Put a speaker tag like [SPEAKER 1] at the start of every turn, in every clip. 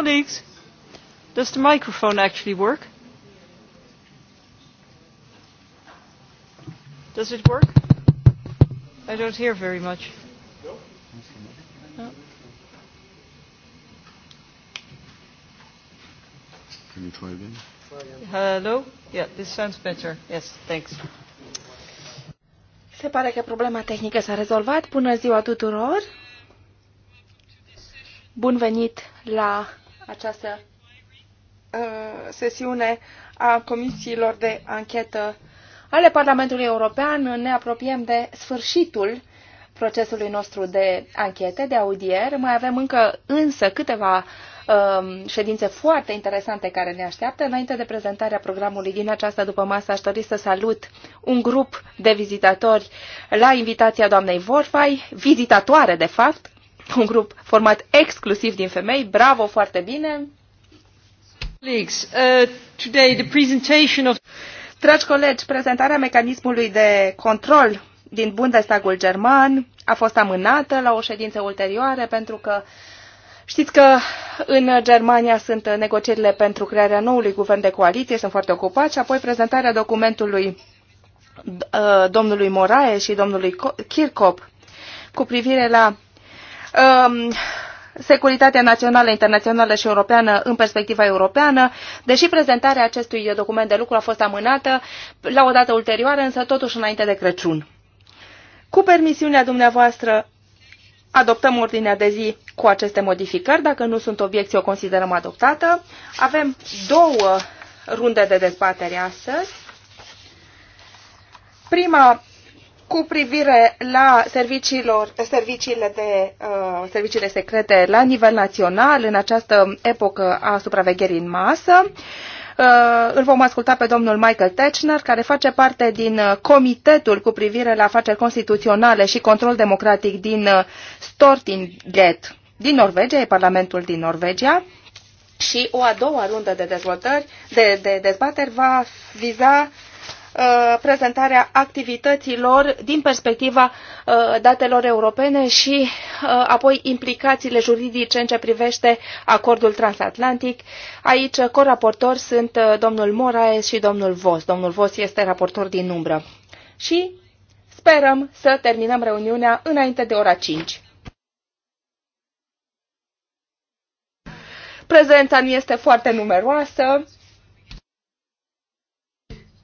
[SPEAKER 1] Colleagues, does the microphone actually work?
[SPEAKER 2] Does it work? I don't hear very much. No.
[SPEAKER 1] Can you try again? Hello? Yeah, this sounds
[SPEAKER 3] better. Yes, thanks. Se pare că problema tehnică s-a rezolvat. Bună ziua tuturor! Bun venit la această uh, sesiune a comisiilor de anchetă ale Parlamentului European. Ne apropiem de sfârșitul procesului nostru de anchete, de audier. Mai avem încă însă câteva um, ședințe foarte interesante care ne așteaptă. Înainte de prezentarea programului din această după masă, aș dori să salut un grup de vizitatori la invitația doamnei Vorfai, vizitatoare de fapt, un grup format exclusiv din femei. Bravo, foarte bine! Colleagues, uh, today the presentation of... Dragi colegi, prezentarea mecanismului de control din Bundestagul german a fost amânată la o ședință ulterioară pentru că Știți că în Germania sunt negocierile pentru crearea noului guvern de coaliție, sunt foarte ocupați, și apoi prezentarea documentului uh, domnului Morae și domnului Kirchhoff cu privire la um, securitatea națională, internațională și europeană în perspectiva europeană. Deși prezentarea acestui document de lucru a fost amânată la o dată ulterioară, însă totuși înainte de Crăciun. Cu permisiunea dumneavoastră, adoptăm ordinea de zi cu aceste modificări. Dacă nu sunt obiecții, o considerăm adoptată. Avem două runde de dezbatere astăzi. Prima cu privire la serviciilor, serviciile, de, uh, serviciile secrete la nivel național în această epocă a supravegherii în masă. Uh, îl vom asculta pe domnul Michael Techner, care face parte din uh, Comitetul cu privire la afaceri constituționale și control democratic din uh, Stortinget din Norvegia, e Parlamentul din Norvegia. Și o a doua rundă de dezvoltări, de, de dezbateri va viza Uh, prezentarea activităților din perspectiva uh, datelor europene și uh, apoi implicațiile juridice în ce privește acordul transatlantic. Aici coraportori sunt domnul Moraes și domnul Vos. Domnul Vos este raportor din umbră. Și sperăm să terminăm reuniunea înainte de ora 5. Prezența nu este foarte numeroasă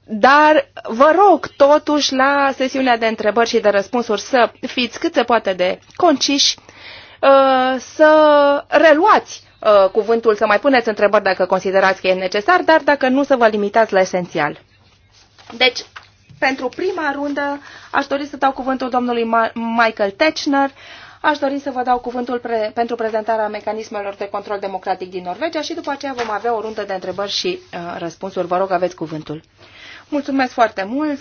[SPEAKER 3] dar vă rog totuși la sesiunea de întrebări și de răspunsuri să fiți cât se poate de conciși, uh, să reluați uh, cuvântul, să mai puneți întrebări dacă considerați că e necesar, dar dacă nu, să vă limitați la esențial. Deci, pentru prima rundă, aș dori să dau cuvântul domnului Michael Techner, Aș dori să vă dau cuvântul pre pentru prezentarea mecanismelor de control democratic din Norvegia și după aceea vom avea o rundă de întrebări și uh, răspunsuri. Vă rog, aveți cuvântul. Mulțumesc foarte mult!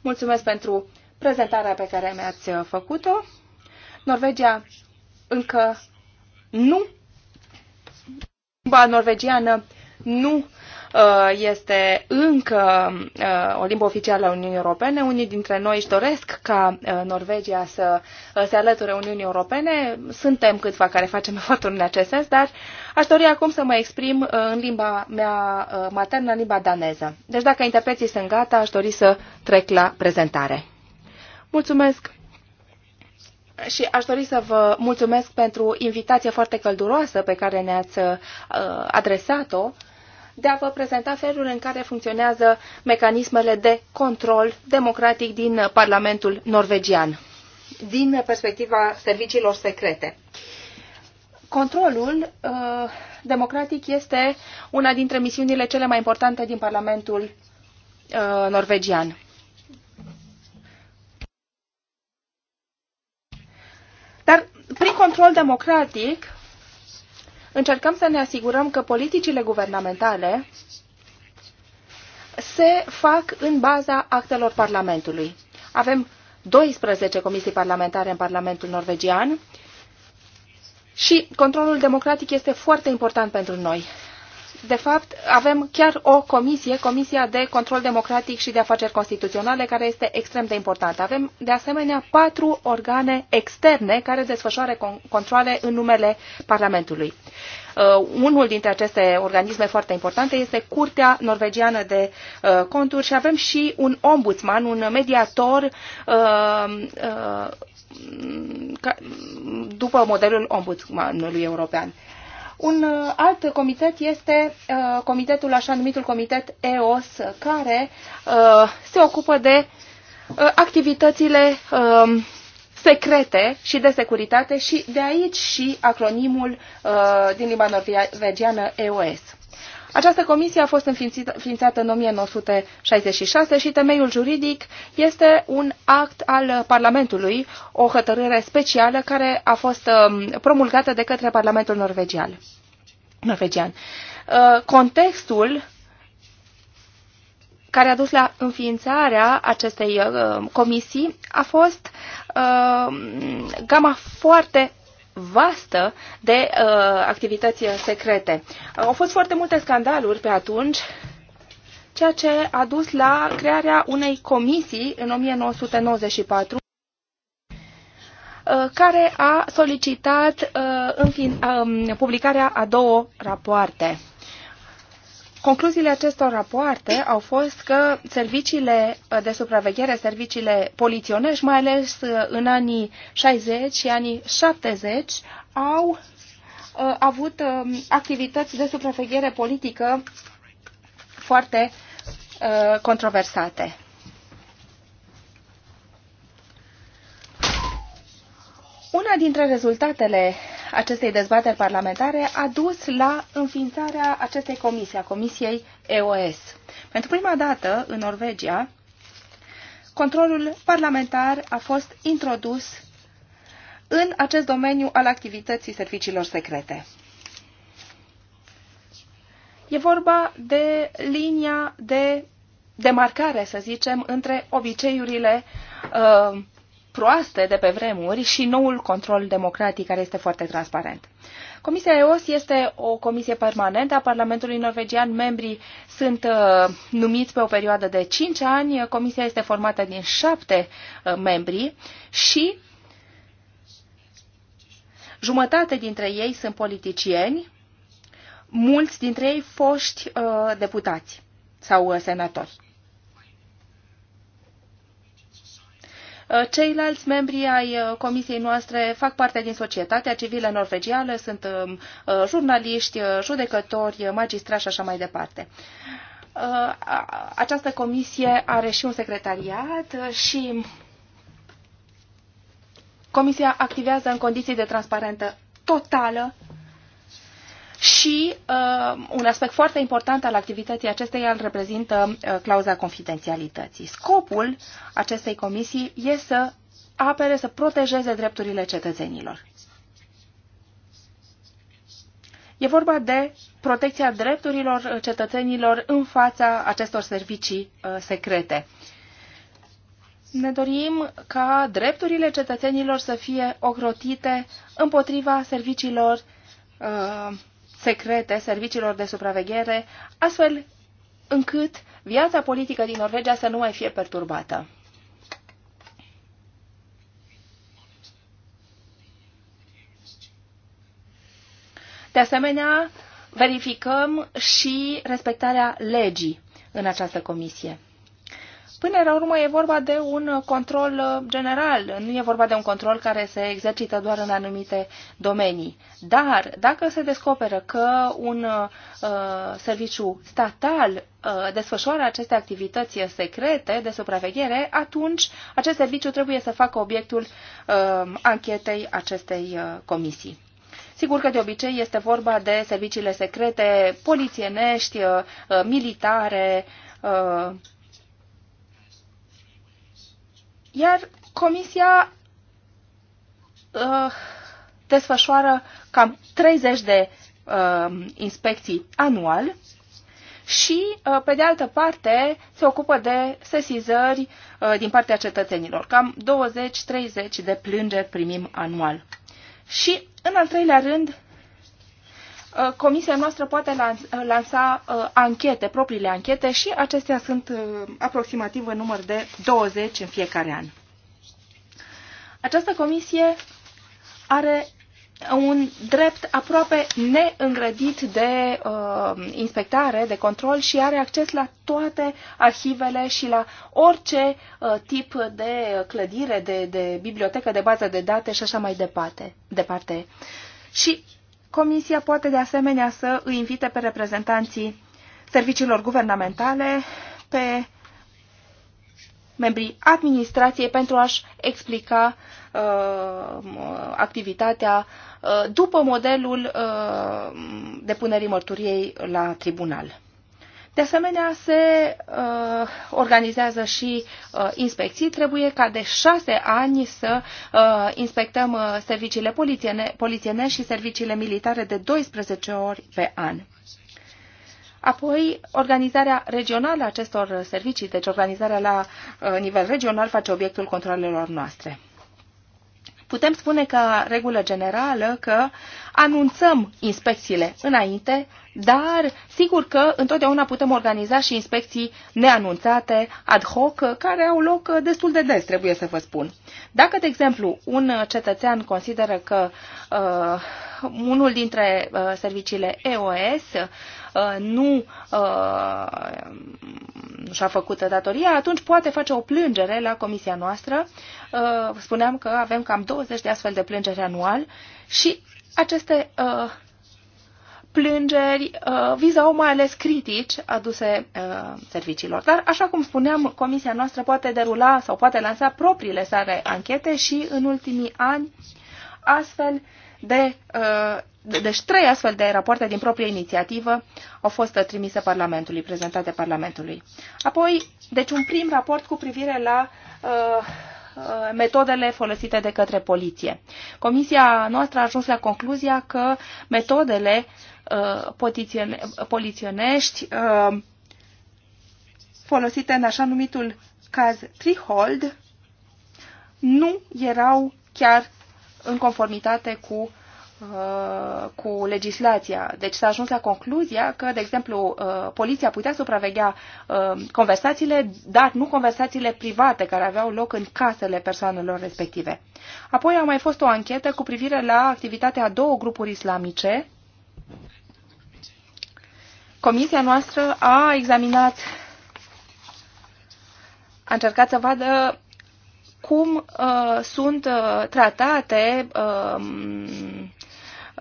[SPEAKER 3] Mulțumesc pentru prezentarea pe care mi-ați uh, făcut-o. Norvegia încă nu, Limba norvegiană nu Uh, este încă uh, o limbă oficială a Uniunii Europene. Unii dintre noi își doresc ca uh, Norvegia să se alăture Uniunii Europene. Suntem câțiva care facem eforturi în acest sens, dar aș dori acum să mă exprim în limba mea maternă, în limba daneză. Deci dacă interpreții sunt gata, aș dori să trec la prezentare. Mulțumesc! și aș dori să vă mulțumesc pentru invitația foarte călduroasă pe care ne-ați adresat-o de a vă prezenta felul în care funcționează mecanismele de control democratic din Parlamentul norvegian, din perspectiva serviciilor secrete. Controlul uh, democratic este una dintre misiunile cele mai importante din Parlamentul uh, norvegian. Dar prin control democratic încercăm să ne asigurăm că politicile guvernamentale se fac în baza actelor Parlamentului. Avem 12 comisii parlamentare în Parlamentul norvegian și controlul democratic este foarte important pentru noi de fapt, avem chiar o comisie, Comisia de Control Democratic și de Afaceri Constituționale, care este extrem de importantă. Avem, de asemenea, patru organe externe care desfășoară controle în numele Parlamentului. Uh, unul dintre aceste organisme foarte importante este Curtea Norvegiană de uh, Conturi și avem și un ombudsman, un mediator uh, uh, ca, după modelul ombudsmanului european. Uh, un uh, alt comitet este uh, comitetul, așa numitul comitet EOS, care uh, se ocupă de activitățile um, secrete și de securitate și de aici și acronimul din limba norvegiană EOS. Această comisie a fost înființată în 1966 și temeiul juridic este un act al Parlamentului, o hotărâre specială care a fost um, promulgată de către Parlamentul norvegian. norvegian. Uh, contextul care a dus la înființarea acestei uh, comisii a fost uh, gama foarte vastă de uh, activități secrete. Au fost foarte multe scandaluri pe atunci, ceea ce a dus la crearea unei comisii în 1994 uh, care a solicitat uh, în fin, uh, publicarea a două rapoarte. Concluziile acestor rapoarte au fost că serviciile de supraveghere, serviciile poliționești, mai ales uh, în anii 60 și anii 70, au uh, avut um, activități de supraveghere politică foarte uh, controversate. Una dintre rezultatele acestei dezbateri parlamentare a dus la înființarea acestei comisii, a Comisiei EOS. Pentru prima dată în Norvegia, controlul parlamentar a fost introdus în acest domeniu al activității serviciilor secrete. E vorba de linia de demarcare, să zicem, între obiceiurile uh, proaste de pe vremuri și noul control democratic care este foarte transparent. Comisia EOS este o comisie permanentă a Parlamentului norvegian. Membrii sunt uh, numiți pe o perioadă de 5 ani. Comisia este formată din 7 uh, membri și jumătate dintre ei sunt politicieni, mulți dintre ei foști uh, deputați sau uh, senatori. Uh, ceilalți membri ai uh, comisiei noastre fac parte din societatea civilă norvegiană, sunt um, uh, jurnaliști, judecători, magistrați și așa mai departe această comisie are și un secretariat și comisia activează în condiții de transparentă totală și uh, un aspect foarte important al activității acesteia îl reprezintă uh, clauza confidențialității. Scopul acestei comisii este să apere, să protejeze drepturile cetățenilor. E vorba de protecția drepturilor uh, cetățenilor în fața acestor servicii uh, secrete. Ne dorim ca drepturile cetățenilor să fie ocrotite împotriva serviciilor uh, secrete serviciilor de supraveghere, astfel încât viața politică din Norvegia să nu mai fie perturbată. De asemenea, verificăm și respectarea legii în această comisie. Până la urmă e vorba de un control uh, general, nu e vorba de un control care se exercită doar în anumite domenii. Dar dacă se descoperă că un uh, serviciu statal uh, desfășoară aceste activități secrete de supraveghere, atunci acest serviciu trebuie să facă obiectul uh, anchetei acestei uh, comisii. Sigur că de obicei este vorba de serviciile secrete polițienești, uh, militare, uh, iar comisia uh, desfășoară cam 30 de uh, inspecții anual și, uh, pe de altă parte, se ocupă de sesizări uh, din partea cetățenilor. Cam 20-30 de plângeri primim anual. Și, în al treilea rând, Uh, comisia noastră poate uh, lansa uh, anchete, propriile anchete și acestea sunt aproximativ în număr de 20 în fiecare an. Această comisie are un drept aproape neîngrădit de uh, inspectare, de control și are acces la toate arhivele și la orice uh, tip de clădire, de, de bibliotecă, de bază de date și așa mai departe. departe. Și Comisia poate de asemenea să îi invite pe reprezentanții serviciilor guvernamentale, pe membrii administrației pentru a-și explica uh, activitatea uh, după modelul uh, depunerii mărturiei la tribunal. De asemenea, se uh, organizează și uh, inspecții. Trebuie ca de șase ani să uh, inspectăm uh, serviciile polițiene, polițiene și serviciile militare de 12 ori pe an. Apoi, organizarea regională a acestor servicii, deci organizarea la uh, nivel regional, face obiectul controlelor noastre putem spune ca regulă generală că anunțăm inspecțiile înainte, dar sigur că întotdeauna putem organiza și inspecții neanunțate, ad hoc, care au loc destul de des, trebuie să vă spun. Dacă, de exemplu, un cetățean consideră că uh, unul dintre uh, serviciile EOS Uh, uh, nu și-a făcut datoria, atunci poate face o plângere la comisia noastră. Uh, spuneam că avem cam 20 de astfel de plângeri anual și aceste plângeri vizau mai ales critici aduse serviciilor. Dar, așa cum spuneam, comisia noastră poate derula sau poate lansa propriile sale anchete și în ultimii ani astfel de uh, deci trei astfel de rapoarte din proprie inițiativă au fost trimise Parlamentului, prezentate Parlamentului. Apoi, deci un prim raport cu privire la uh, uh metodele folosite de către poliție. Comisia noastră a ajuns la concluzia că metodele uh, poliționești uh, folosite în așa numitul caz Trihold nu erau chiar în conformitate cu Uh, cu legislația. Deci s-a ajuns la concluzia că, de exemplu, uh, poliția putea supraveghea uh, conversațiile, dar nu conversațiile private care aveau loc în casele persoanelor respective. Apoi a mai fost o anchetă cu privire la activitatea a două grupuri islamice. Comisia noastră a examinat, a încercat să vadă cum uh, sunt uh, tratate uh,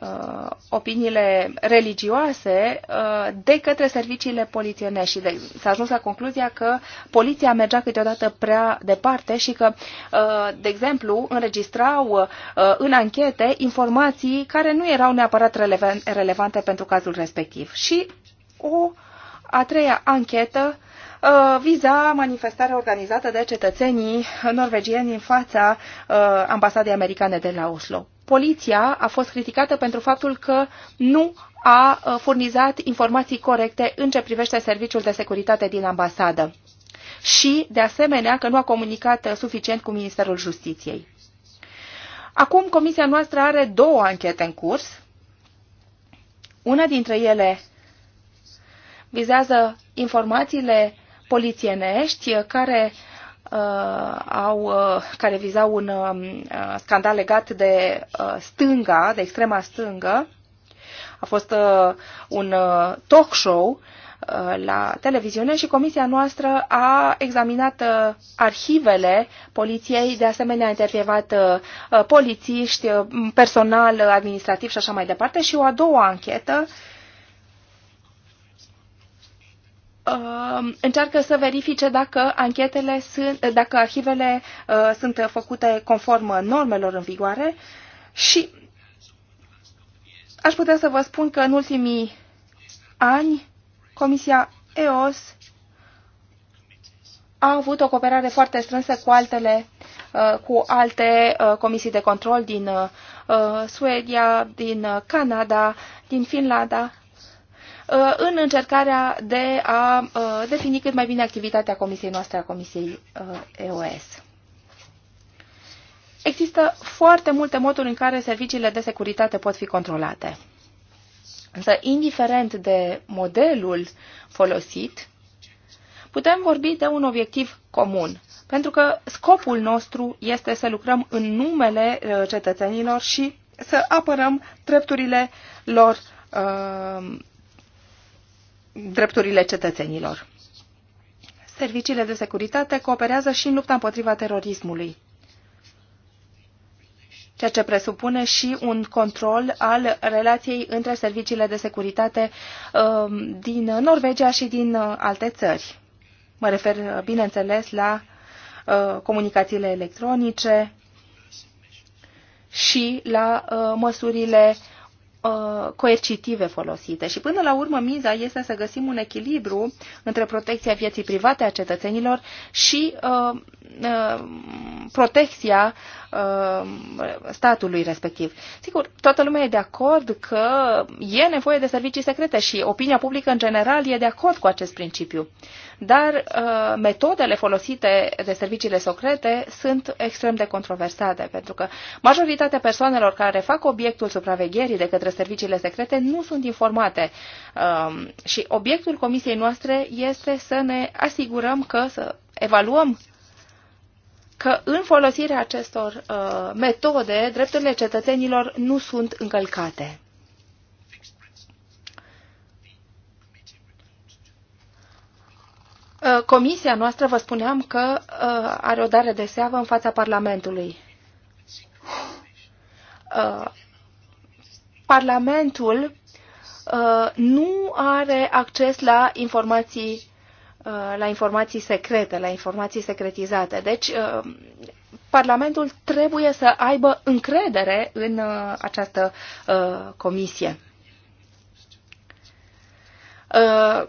[SPEAKER 3] uh, opiniile religioase uh, de către serviciile poliționești și s-a ajuns la concluzia că poliția mergea câteodată prea departe și că, uh, de exemplu, înregistrau uh, în anchete informații care nu erau neapărat relevan relevante pentru cazul respectiv. Și o a treia anchetă uh, viza manifestarea organizată de cetățenii norvegieni în fața uh, ambasadei americane de la Oslo poliția a fost criticată pentru faptul că nu a uh, furnizat informații corecte în ce privește serviciul de securitate din ambasadă și, de asemenea, că nu a comunicat uh, suficient cu Ministerul Justiției. Acum, comisia noastră are două anchete în curs. Una dintre ele vizează informațiile polițienești uh, care uh, Uh, au, uh, care vizau un uh, scandal legat de stânga, de extrema stângă. A fost un talk show la televiziune și comisia noastră a examinat arhivele poliției, de asemenea a intervievat polițiști, personal administrativ și așa mai departe și o a doua anchetă Uh, încearcă să verifice dacă anchetele sunt, dacă arhivele uh, sunt făcute conform normelor în vigoare și aș putea să vă spun că în ultimii ani Comisia EOS a avut o cooperare foarte strânsă cu altele uh, cu alte comisii de control din Suedia, din Canada, din Finlanda Uh, în încercarea de a uh, defini cât mai bine activitatea comisiei noastre, a comisiei uh, EOS. Există foarte multe moduri în care serviciile de securitate pot fi controlate. Însă, indiferent de modelul folosit, putem vorbi de un obiectiv comun, pentru că scopul nostru este să lucrăm în numele cetățenilor și să apărăm drepturile lor uh, drepturile cetățenilor. Serviciile de securitate cooperează și în lupta împotriva terorismului, ceea ce presupune și un control al relației între serviciile de securitate um, din Norvegia și din uh, alte țări. Mă refer, uh, bineînțeles, la uh, comunicațiile electronice și la măsurile Uh, coercitive folosite. Și până la urmă miza este să găsim un echilibru între protecția vieții private a cetățenilor și uh, uh, protecția Uh, statului respectiv. Sigur, toată lumea e de acord că e nevoie de servicii secrete și opinia publică în general e de acord cu acest principiu. Dar uh, metodele folosite de serviciile secrete sunt extrem de controversate, pentru că majoritatea persoanelor care fac obiectul supravegherii de către serviciile secrete nu sunt informate. Uh, și obiectul comisiei noastre este să ne asigurăm că să evaluăm că în folosirea acestor uh, metode, drepturile cetățenilor nu sunt încălcate. Uh, comisia noastră, vă spuneam că uh, are o dare de seavă în fața Parlamentului. Uh, Parlamentul uh, nu are acces la informații Uh, la informații secrete, la informații secretizate. Deci, uh, Parlamentul trebuie să aibă încredere în uh, această comisie.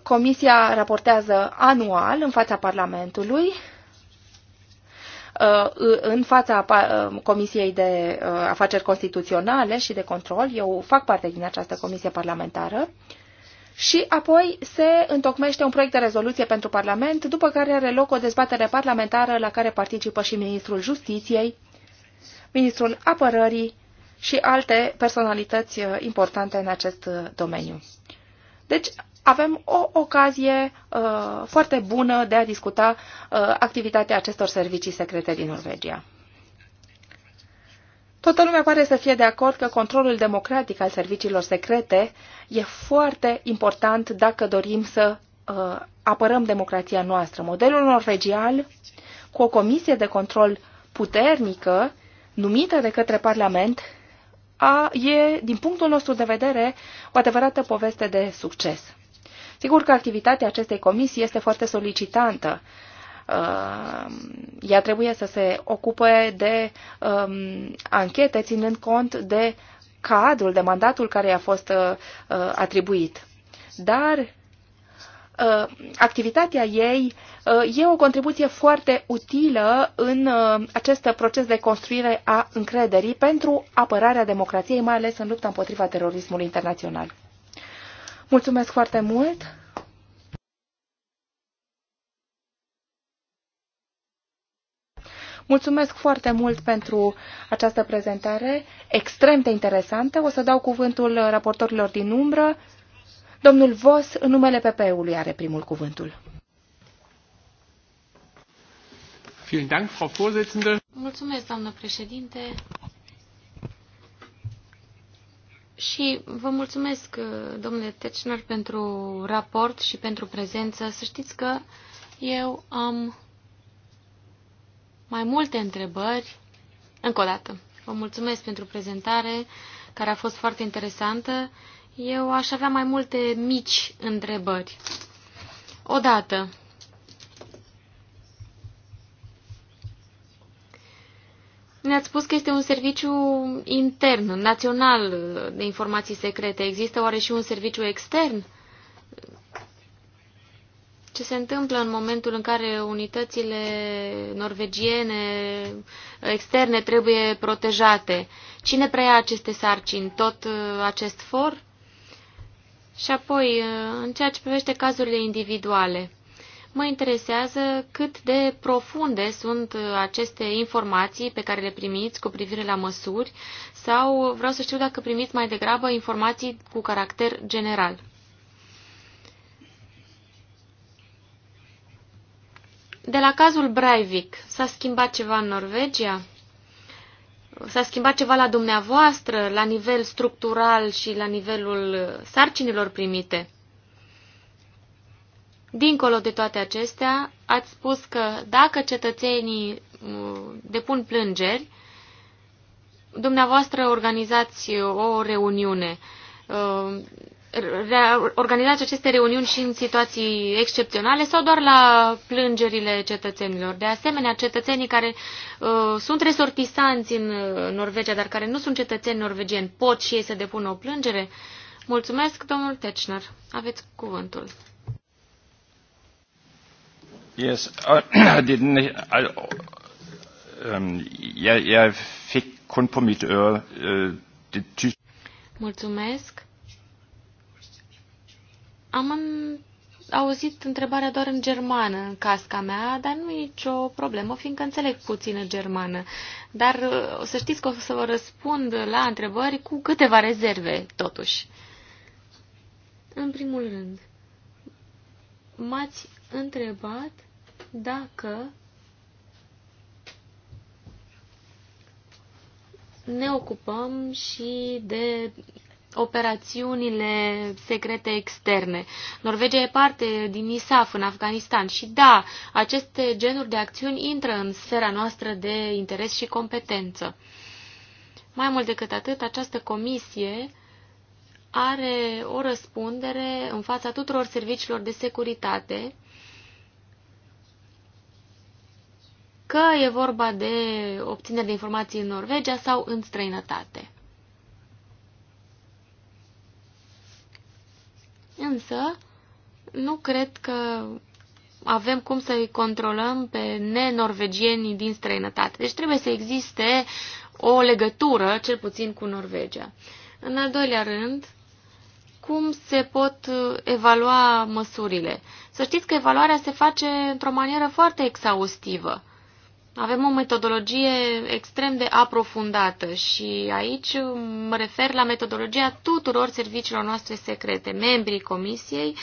[SPEAKER 3] Comisia raportează anual în fața Parlamentului, în fața Comisiei de Afaceri Constituționale și de Control. Eu fac parte din această comisie parlamentară și apoi se întocmește un proiect de rezoluție pentru Parlament, după care are loc o dezbatere parlamentară la care participă și Ministrul Justiției, Ministrul Apărării și alte personalități uh, importante în acest uh, domeniu. Deci avem o ocazie uh, foarte bună de a discuta uh, activitatea acestor servicii secrete din Norvegia. Toată lumea pare să fie de acord că controlul democratic al serviciilor secrete e foarte important dacă dorim să uh, apărăm democrația noastră. Modelul norvegian, cu o comisie de control puternică, numită de către Parlament, a, e, din punctul nostru de vedere, o adevărată poveste de succes. Sigur că activitatea acestei comisii este foarte solicitantă, Uh, ea trebuie să se ocupe de um, anchete ținând cont de cadrul, de mandatul care i-a fost uh, uh, atribuit. Dar uh, activitatea ei e o contribuție foarte utilă în acest proces de construire a încrederii pentru apărarea democrației, mai ales în lupta împotriva terorismului internațional. Mulțumesc foarte mult! Mulțumesc foarte mult pentru această prezentare extrem de interesantă. O să dau cuvântul raportorilor din umbră. Domnul Vos, în numele PP-ului, are primul cuvântul.
[SPEAKER 2] Mulțumesc, doamnă președinte. Și vă mulțumesc, domnule Tecner, pentru raport și pentru prezență. Să știți că eu am mai multe întrebări. Încă o dată, vă mulțumesc pentru prezentare, care a fost foarte interesantă. Eu aș avea mai multe mici întrebări. Odată, Ne-ați spus că este un serviciu intern, național de informații secrete. Există oare și un serviciu extern? ce se întâmplă în momentul în care unitățile norvegiene externe trebuie protejate. Cine preia aceste sarcini? Tot uh, acest for? Și apoi, uh, în ceea ce privește cazurile individuale, mă interesează cât de profunde sunt uh, aceste informații pe care le primiți cu privire la măsuri sau vreau să știu dacă primiți mai degrabă informații cu caracter general. De la cazul Breivik, s-a schimbat ceva în Norvegia? S-a schimbat ceva la dumneavoastră, la nivel structural și la nivelul sarcinilor primite? Dincolo de toate acestea, ați spus că dacă cetățenii uh, depun plângeri, dumneavoastră organizați o reuniune. Uh, organizați aceste reuniuni și în situații excepționale sau doar la plângerile cetățenilor. De asemenea, cetățenii care uh, sunt resortisanți în uh, Norvegia, dar care nu sunt cetățeni norvegieni, pot și ei să depună o plângere? Mulțumesc, domnul Techner. Aveți cuvântul.
[SPEAKER 1] Yes, I didn't. I, um, jeg, jeg fikk kun på mitt øre uh,
[SPEAKER 2] Mulțumesc. Am în... auzit întrebarea doar în germană, în casca mea, dar nu e nicio problemă, fiindcă înțeleg puțină germană. Dar o uh, să știți că o să vă răspund la întrebări cu câteva rezerve, totuși. În primul rând, m-ați întrebat dacă ne ocupăm și de operațiunile secrete externe. Norvegia e parte din ISAF în Afganistan și da, aceste genuri de acțiuni intră în sfera noastră de interes și competență. Mai mult decât atât, această comisie are o răspundere în fața tuturor serviciilor de securitate, că e vorba de obținere de informații în Norvegia sau în străinătate. Însă, nu cred că avem cum să-i controlăm pe nenorvegienii din străinătate. Deci trebuie să existe o legătură, cel puțin cu Norvegia. În al doilea rând, cum se pot evalua măsurile? Să știți că evaluarea se face într-o manieră foarte exhaustivă. Avem o metodologie extrem de aprofundată și aici um, mă refer la metodologia tuturor serviciilor noastre secrete. Membrii comisiei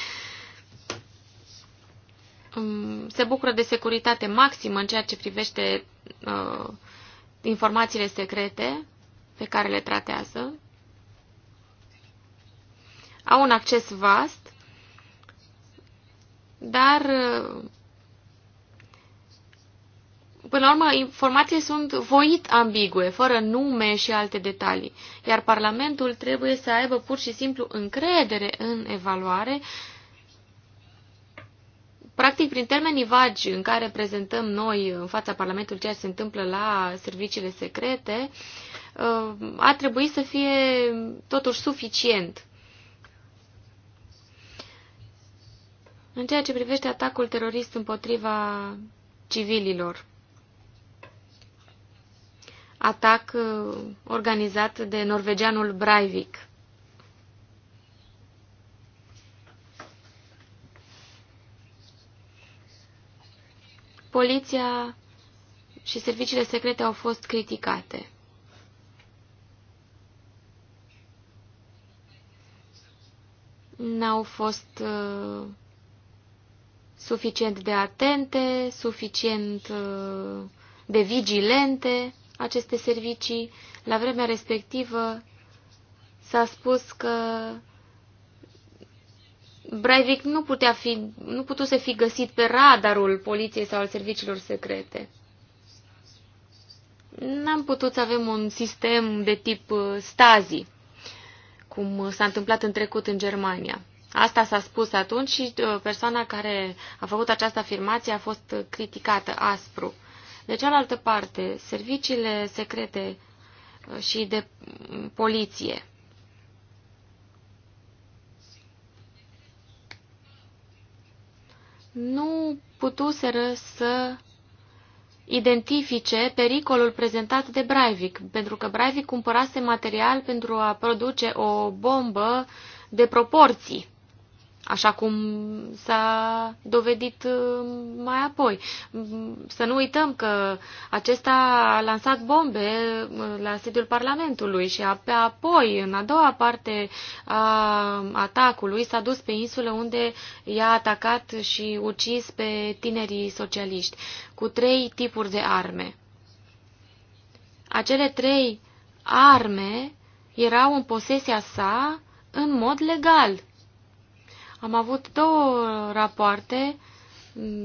[SPEAKER 2] um, se bucură de securitate maximă în ceea ce privește uh, informațiile secrete pe care le tratează. Au un acces vast, dar uh, Până la urmă, informații sunt voit ambigue, fără nume și alte detalii, iar Parlamentul trebuie să aibă pur și simplu încredere în evaluare, practic prin termenii vagi în care prezentăm noi în fața Parlamentului ceea ce se întâmplă la serviciile secrete, a trebuit să fie totuși suficient. În ceea ce privește atacul terorist împotriva civililor atac uh, organizat de norvegianul Breivik. Poliția și serviciile secrete au fost criticate. N-au fost uh, suficient de atente, suficient uh, de vigilente aceste servicii. La vremea respectivă s-a spus că Breivik nu, putea fi, nu să fi găsit pe radarul poliției sau al serviciilor secrete. N-am putut să avem un sistem de tip uh, stazi, cum s-a întâmplat în trecut în Germania. Asta s-a spus atunci și uh, persoana care a făcut această afirmație a fost uh, criticată aspru. De cealaltă parte, serviciile secrete uh, și de mm, poliție. Nu putuseră să identifice pericolul prezentat de Breivik, pentru că Breivik cumpărase material pentru a produce o bombă de proporții așa cum s-a dovedit uh, mai apoi. Să nu uităm că acesta a lansat bombe uh, la sediul Parlamentului și apoi, în a doua parte a atacului, s-a dus pe insulă unde i-a atacat și ucis pe tinerii socialiști cu trei tipuri de arme. Acele trei arme erau în posesia sa în mod legal am avut două rapoarte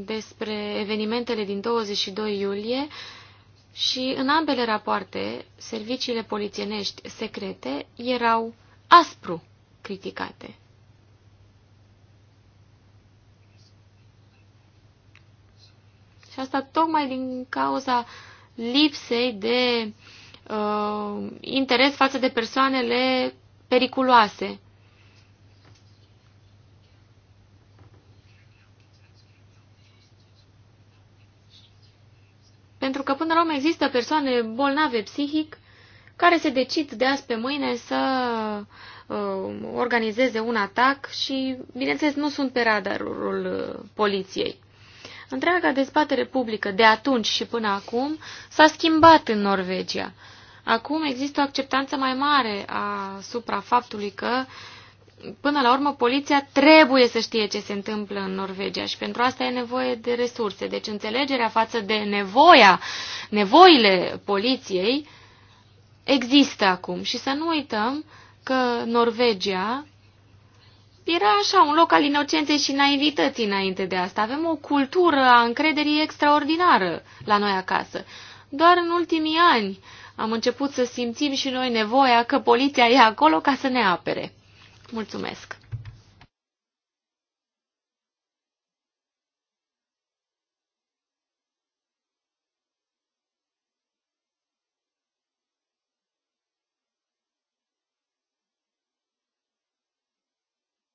[SPEAKER 2] despre evenimentele din 22 iulie și în ambele rapoarte, serviciile polițienești secrete erau aspru criticate. Și asta tocmai din cauza lipsei de uh, interes față de persoanele periculoase. Pentru că, până la urmă, există persoane bolnave psihic care se decid de azi pe mâine să uh, organizeze un atac și, bineînțeles, nu sunt pe radarul uh, poliției. Întreaga dezbatere publică de atunci și până acum s-a schimbat în Norvegia. Acum există o acceptanță mai mare asupra faptului că uh, până la urmă, poliția trebuie să știe ce se întâmplă în Norvegia și pentru asta e nevoie de resurse. Deci înțelegerea față de nevoia, nevoile poliției există acum. Și să nu uităm că Norvegia era așa un loc al inocenței și naivității înainte de asta. Avem o cultură a încrederii extraordinară la noi acasă. Doar în ultimii ani am început să simțim și noi nevoia că poliția e acolo ca să ne apere. Mulțumesc!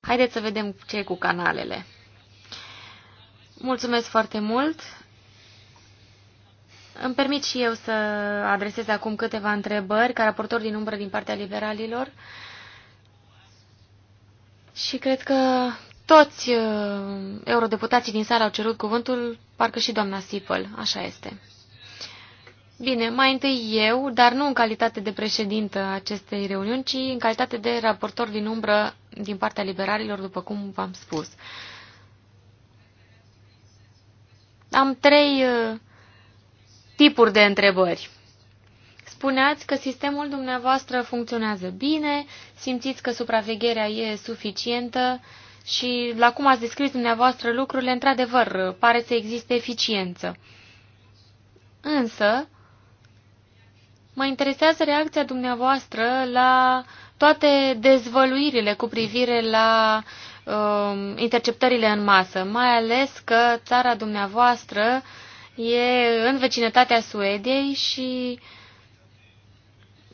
[SPEAKER 2] Haideți să vedem ce e cu canalele. Mulțumesc foarte mult! Îmi permit și eu să adresez acum câteva întrebări ca raportor din umbră din partea liberalilor. Uh, și cred că toți uh, eurodeputații din sală au cerut cuvântul, parcă și doamna Sipăl, așa este. Bine, mai întâi eu, dar nu în calitate de președintă acestei reuniuni, ci în calitate de raportor din umbră din partea liberalilor, după cum v-am spus. Am trei uh, tipuri de întrebări. Spuneați că sistemul dumneavoastră funcționează bine, simțiți că supravegherea e suficientă și, la cum ați descris dumneavoastră lucrurile, într-adevăr, pare să existe eficiență. Însă, mă interesează reacția dumneavoastră la toate dezvăluirile cu privire la uh, interceptările în masă, mai ales că țara dumneavoastră e în vecinătatea Suediei și uh,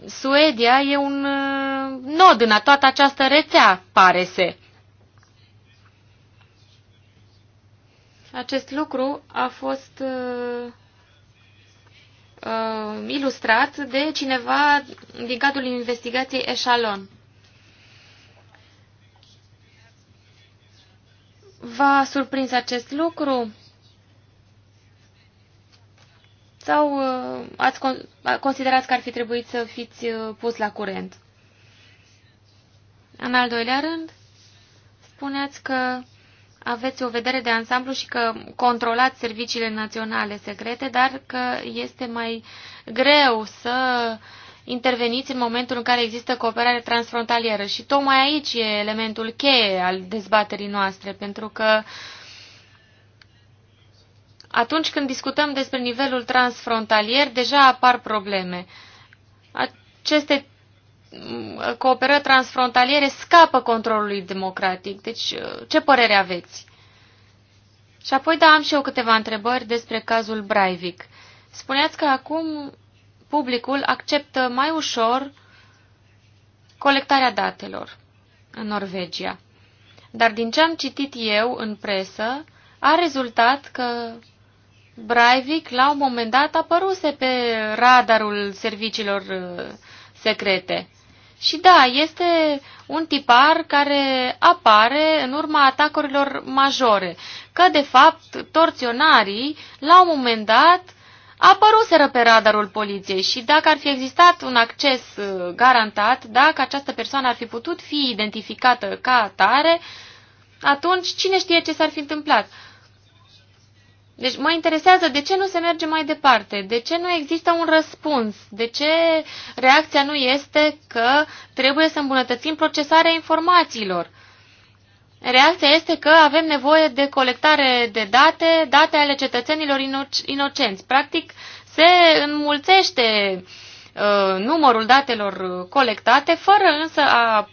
[SPEAKER 2] Suedia e un uh, nod în toată această rețea, pare se. Acest lucru a fost uh, uh, ilustrat de cineva din cadrul investigației Echalon. V-a surprins acest lucru? Sau uh, ați considerați că ar fi trebuit să fiți uh, pus la curent? În al doilea rând, spuneați că aveți o vedere de ansamblu și că controlați serviciile naționale secrete, dar că este mai greu să interveniți în momentul în care există cooperare transfrontalieră. Și tocmai aici e elementul cheie al dezbaterii noastre, pentru că uh, atunci când discutăm despre nivelul transfrontalier, deja apar probleme. Aceste mm, cooperări transfrontaliere scapă controlului democratic. Deci, uh, ce părere aveți? Și apoi, da, am și eu câteva întrebări despre cazul Breivik. Spuneați că acum publicul acceptă mai ușor colectarea datelor în Norvegia. Dar din ce am citit eu în presă, a rezultat că Breivik la un moment dat apăruse pe radarul serviciilor uh, secrete. Și da, este un tipar care apare în urma atacurilor majore, că de fapt torționarii la un moment dat apăruseră pe radarul poliției și dacă ar fi existat un acces uh, garantat, dacă această persoană ar fi putut fi identificată ca atare, atunci cine știe ce s-ar fi întâmplat. Deci mă interesează de ce nu se merge mai departe, de ce nu există un răspuns, de ce reacția nu este că trebuie să îmbunătățim procesarea informațiilor. Reacția este că avem nevoie de colectare de date, date ale cetățenilor inoc- inocenți. Practic se înmulțește uh, numărul datelor colectate, fără însă a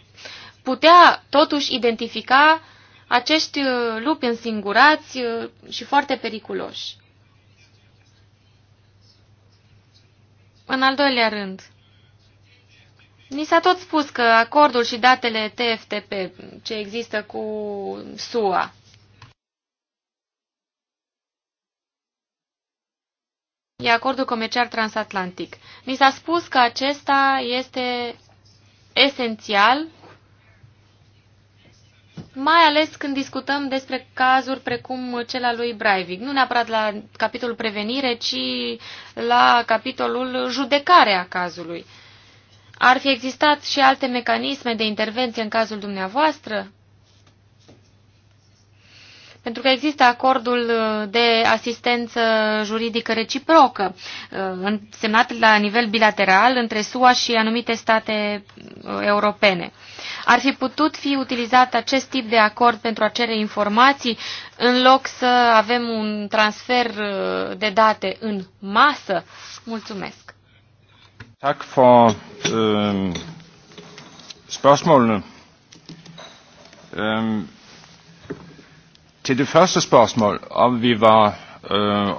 [SPEAKER 2] putea totuși identifica acești uh, lupi însingurați uh, și foarte periculoși. În al doilea rând, ni s-a tot spus că acordul și datele TFTP ce există cu SUA e acordul comercial transatlantic. Ni s-a spus că acesta este esențial mai ales când discutăm despre cazuri precum cel al lui Breivik. Nu neapărat la capitolul prevenire, ci la capitolul judecare a cazului. Ar fi existat și alte mecanisme de intervenție în cazul dumneavoastră? Pentru că există acordul uh, de asistență juridică reciprocă, uh, semnat la nivel bilateral între SUA și anumite state uh, europene. Ar fi putut fi utilizat acest tip de acord pentru a cere informații în loc să avem un transfer de date în masă? Mulțumesc!
[SPEAKER 1] Tak for øh, spørgsmålene. Øh, til det første spørgsmål, om vi var øh,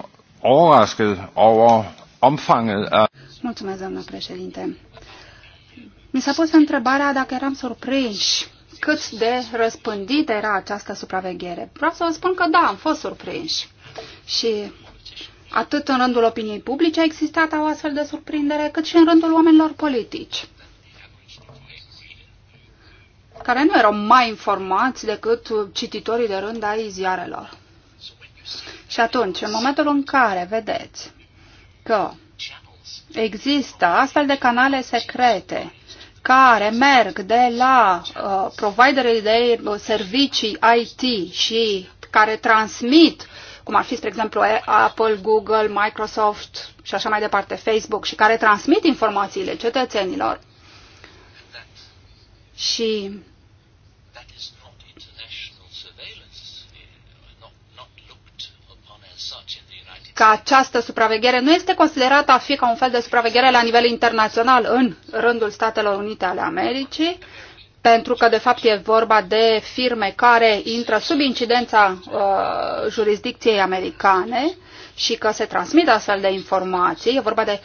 [SPEAKER 1] overrasket over omfanget af...
[SPEAKER 4] Mulțumesc, doamnă președinte. Mi s-a pus întrebarea dacă eram surprinși cât de răspândită era această supraveghere. Vreau să vă spun că da, am fost surprinși. Și atât în rândul opiniei publice a existat o astfel de surprindere, cât și în rândul oamenilor politici care nu erau mai informați decât cititorii de rând ai ziarelor. Și atunci, în momentul în care vedeți că există astfel de canale secrete care merg de la uh, providerii de uh, servicii IT și care transmit, cum ar fi, spre exemplu, Apple, Google, Microsoft și așa mai departe, Facebook, și care transmit informațiile cetățenilor. Și că această supraveghere nu este considerată a fi ca un fel de supraveghere la nivel internațional în rândul Statelor Unite ale Americii, pentru că de fapt e vorba de firme care intră sub incidența uh, jurisdicției americane și că se transmit astfel de informații. E vorba de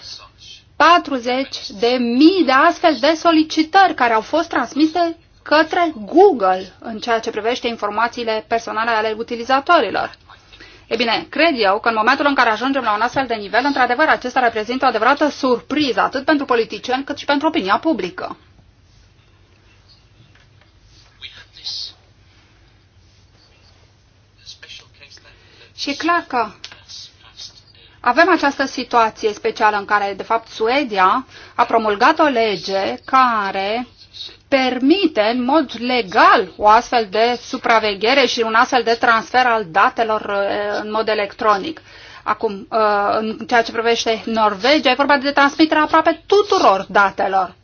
[SPEAKER 4] 40 de mii de astfel de solicitări care au fost transmise către Google în ceea ce privește informațiile personale ale utilizatorilor. E bine, cred eu că în momentul în care ajungem la un astfel de nivel, într-adevăr, acesta reprezintă o adevărată surpriză, atât pentru politicieni cât și pentru opinia publică.
[SPEAKER 1] Și e clar că
[SPEAKER 4] avem această situație specială în care, de fapt, Suedia a promulgat o lege care permite în mod legal o astfel de supraveghere și un astfel de transfer al datelor uh, în mod electronic. Acum, uh, în ceea ce privește Norvegia, e vorba de transmiterea aproape tuturor datelor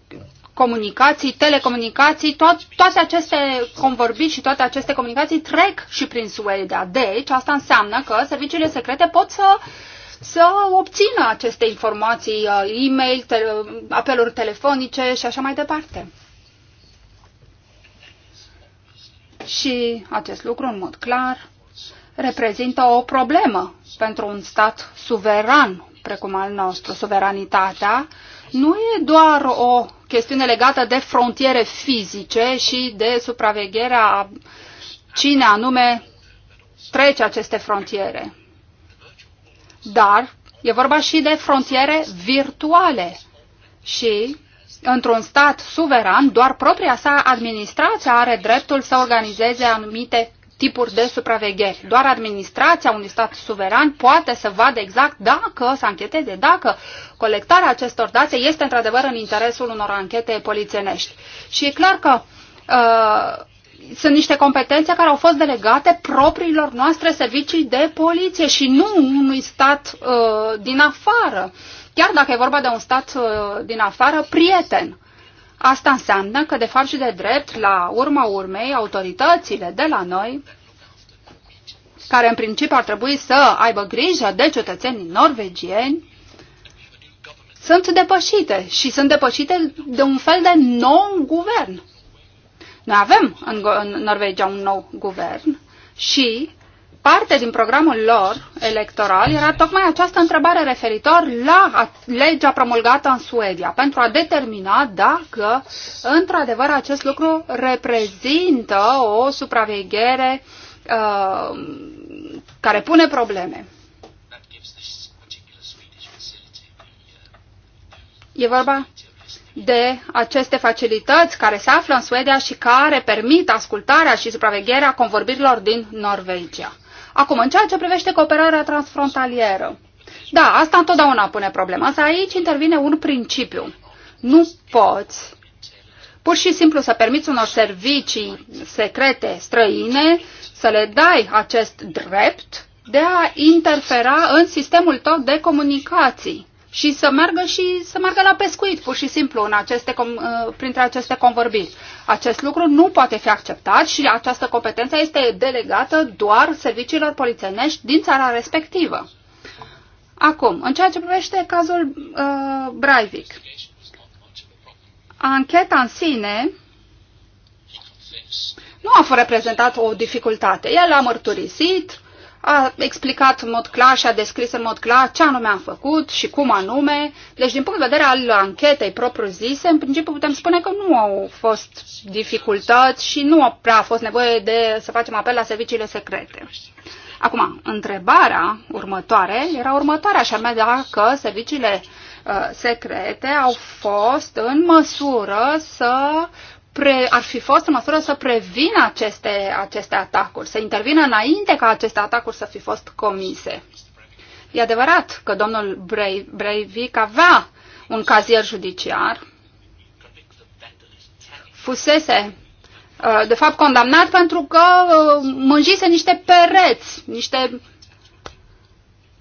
[SPEAKER 4] comunicații, telecomunicații, to- toate aceste convorbiri și toate aceste comunicații trec și prin Suedia. Deci, asta înseamnă că serviciile secrete pot să să obțină aceste informații, uh, e-mail, te- apeluri telefonice și așa mai departe. și acest lucru, în mod clar, reprezintă o problemă pentru un stat suveran, precum al nostru. Suveranitatea nu e doar o chestiune legată de frontiere fizice și de supravegherea cine anume trece aceste frontiere. Dar e vorba și de frontiere virtuale și într-un stat suveran, doar propria sa administrație are dreptul să organizeze anumite tipuri de supravegheri. Doar administrația unui stat suveran poate să vadă exact dacă, să ancheteze dacă colectarea acestor date este într-adevăr în interesul unor anchete polițienești. Și e clar că uh, sunt niște competențe care au fost delegate propriilor noastre servicii de poliție și nu unui stat uh, din afară. Uh, chiar dacă e vorba de un stat uh, din afară, prieten. Asta înseamnă că, de fapt și de drept, la urma urmei, autoritățile de la noi, care în principiu ar trebui să aibă grijă de cetățenii norvegieni, sunt depășite și sunt depășite de un fel de nou guvern. Noi avem în, în Norvegia un nou guvern și parte din programul lor electoral era tocmai această întrebare referitor la legea promulgată în Suedia, pentru a determina dacă, într-adevăr, acest lucru reprezintă o supraveghere uh, care pune probleme. E vorba de aceste facilități care se află în Suedia și care permit ascultarea și supravegherea convorbirilor din Norvegia. Acum, în ceea ce privește cooperarea transfrontalieră, da, asta întotdeauna pune problema. Asta aici intervine un principiu. Nu poți pur și simplu să permiți unor servicii secrete străine să le dai acest drept de a interfera în sistemul tău de comunicații și să meargă și să meargă la pescuit, pur și simplu, în aceste, uh, printre aceste convorbiri. Acest lucru nu poate fi acceptat și această competență este delegată doar serviciilor polițienești din țara respectivă. Acum, în ceea ce privește cazul uh, Breivik, ancheta în sine nu a fost reprezentat o dificultate. El a mărturisit, a explicat în mod clar și a descris în mod clar ce anume am făcut și cum anume. Deci, din punct de vedere al anchetei propriu-zise, în principiu putem spune că nu au fost dificultăți și nu prea a fost nevoie de să facem apel la serviciile secrete. Acum, întrebarea următoare era următoarea, și anume dacă serviciile uh, secrete au fost în măsură să pre, ar fi fost în măsură să prevină aceste, aceste atacuri, să intervină înainte ca aceste atacuri să fi fost comise. E adevărat că domnul Breivik avea un cazier judiciar, fusese uh, de fapt condamnat pentru că uh, mânjise niște pereți, niște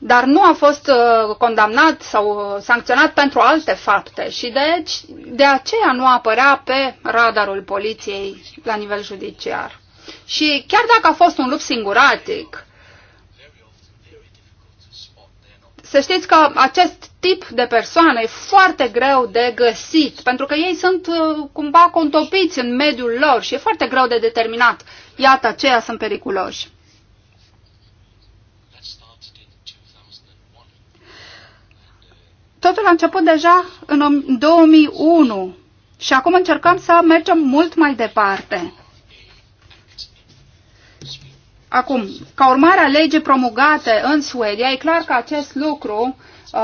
[SPEAKER 4] dar nu a fost uh, condamnat sau uh, sancționat pentru alte fapte și deci de aceea nu apărea pe radarul poliției la nivel judiciar. Și chiar dacă a fost un lup singuratic, să știți că acest tip de persoană e foarte greu de găsit, pentru că ei sunt uh, cumva contopiți în mediul lor și e foarte greu de determinat. Iată, aceia sunt periculoși. Totul a început deja în 2001 și acum încercăm să mergem mult mai departe. Acum, ca urmare a legii promulgate în Suedia, e clar că acest lucru uh,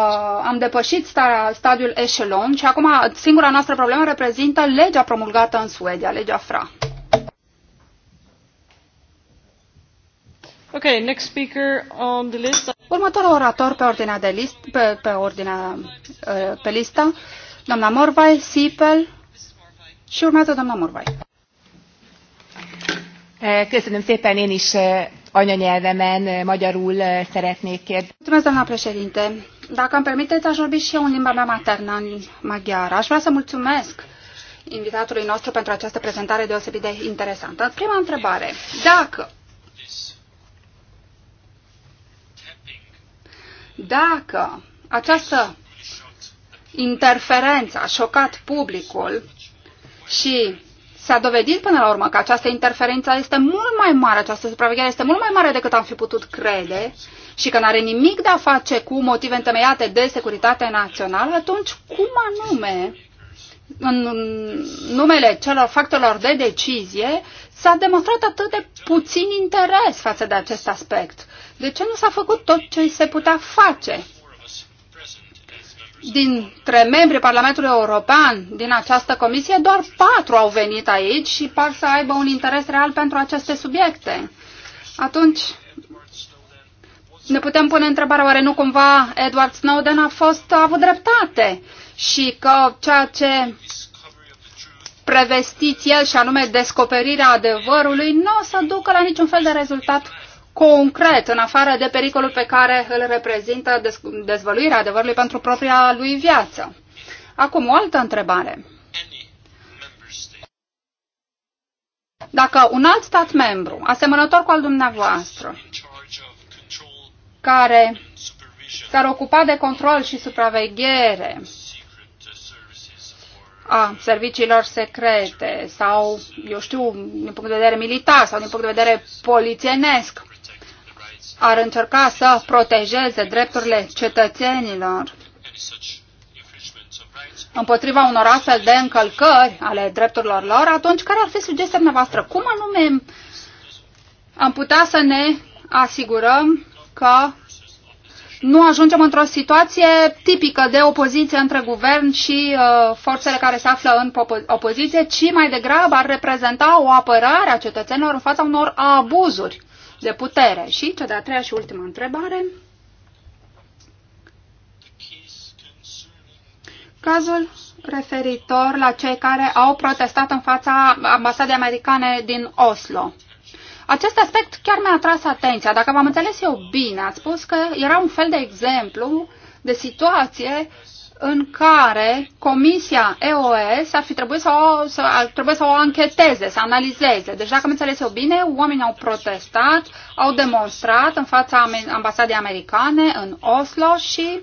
[SPEAKER 4] am depășit sta, stadiul eșelon și acum singura noastră problemă reprezintă legea promulgată în Suedia, legea FRA. Okay, next speaker on the list. Următorul orator pe ordinea de list, pe, pe, ordinea, ă, pe lista, doamna Morvai, Sipel și urmează doamna Morvai. Köszönöm szépen, én is ă, anyanyelvemen, ă, magyarul szeretnék kérdezni. Mulțumesc, doamna președinte. Dacă îmi permiteți, aș vorbi și eu în limba mea maternă, în maghiară. Aș vrea să mulțumesc invitatului nostru pentru această prezentare deosebit de interesantă. Prima întrebare. Dacă Dacă această interferență a șocat publicul și s-a dovedit până la urmă că această interferență este mult mai mare, această supraveghere este mult mai mare decât am fi putut crede și că nu are nimic de a face cu motive întemeiate de securitate națională, atunci cum anume, în numele celor factorilor de decizie, s-a demonstrat atât de puțin interes față de acest aspect. De ce nu s-a făcut tot ce se putea face? Dintre membrii Parlamentului European din această comisie, doar patru au venit aici și par să aibă un interes real pentru aceste subiecte. Atunci, ne putem pune întrebarea, oare nu cumva Edward Snowden a fost a avut dreptate și că ceea ce prevestiți el și anume descoperirea adevărului nu o să ducă la niciun fel de rezultat concret, în afară de pericolul pe care îl reprezintă dezvăluirea adevărului pentru propria lui viață. Acum, o altă întrebare. Dacă un alt stat membru, asemănător cu al dumneavoastră, care s-ar ocupa de control și supraveghere a serviciilor secrete sau, eu știu, din punct de vedere militar sau din punct de vedere polițienesc, ar încerca să protejeze drepturile cetățenilor
[SPEAKER 1] împotriva unor astfel de
[SPEAKER 4] încălcări ale drepturilor lor, atunci care ar fi sugestia noastră? Cum anume am putea să ne asigurăm că nu ajungem într-o situație tipică de opoziție între guvern și uh, forțele care se află în opoziție, ci mai degrabă ar reprezenta o apărare a cetățenilor în fața unor abuzuri de putere. Și cea de-a treia și ultima întrebare. Cazul referitor la cei care au protestat în fața ambasadei americane din Oslo. Acest aspect chiar mi-a atras atenția. Dacă v-am înțeles eu bine, ați spus că era un fel de exemplu de situație în care Comisia EOS ar fi trebuit să o, să, ar trebui să o ancheteze, să analizeze. Deci, dacă am înțeles eu bine, oamenii au protestat, au demonstrat în fața ambasadei americane în Oslo și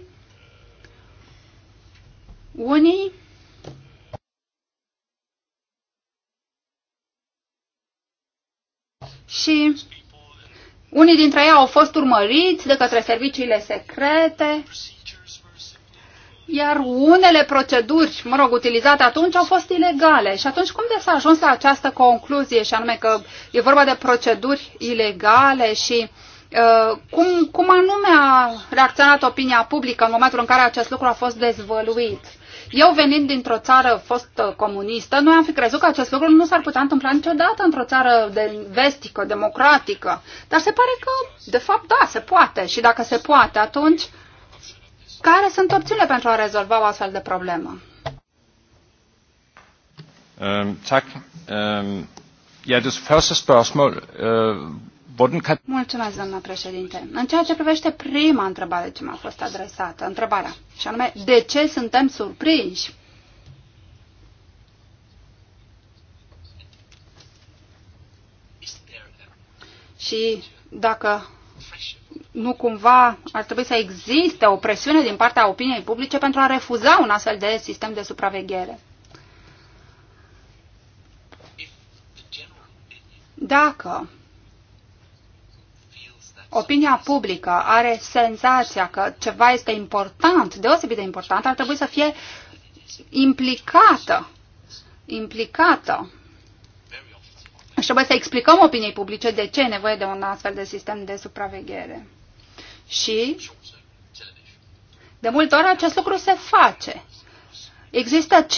[SPEAKER 4] unii și unii dintre ei au fost urmăriți de către serviciile secrete iar unele proceduri, mă rog, utilizate atunci au fost ilegale. Și atunci cum de s-a ajuns la această concluzie și anume că e vorba de proceduri ilegale și uh, cum, cum anume a reacționat opinia publică în momentul în care acest lucru a fost dezvăluit? Eu venind dintr-o țară fost comunistă, noi am fi crezut că acest lucru nu s-ar putea întâmpla niciodată într-o țară de vestică, democratică. Dar se pare că, de fapt, da, se poate. Și dacă se poate, atunci uh, care sunt opțiunile pentru a rezolva o astfel de problemă?
[SPEAKER 1] Um, tak. Um, ja, das første spørgsmål, øh, kan...
[SPEAKER 4] Mulțumesc, doamna președinte. În ceea ce privește prima întrebare ce m a fost adresată, întrebarea, și anume, de ce suntem surprinși? Și dacă nu cumva ar trebui să existe o presiune din partea opiniei publice pentru a refuza un astfel de sistem de supraveghere. Dacă opinia publică are senzația că ceva este important, deosebit de important, ar trebui să fie implicată, implicată. Și trebuie să explicăm opiniei publice de ce e nevoie de un astfel de sistem de supraveghere. Și de multe ori acest lucru se face. Există 5.000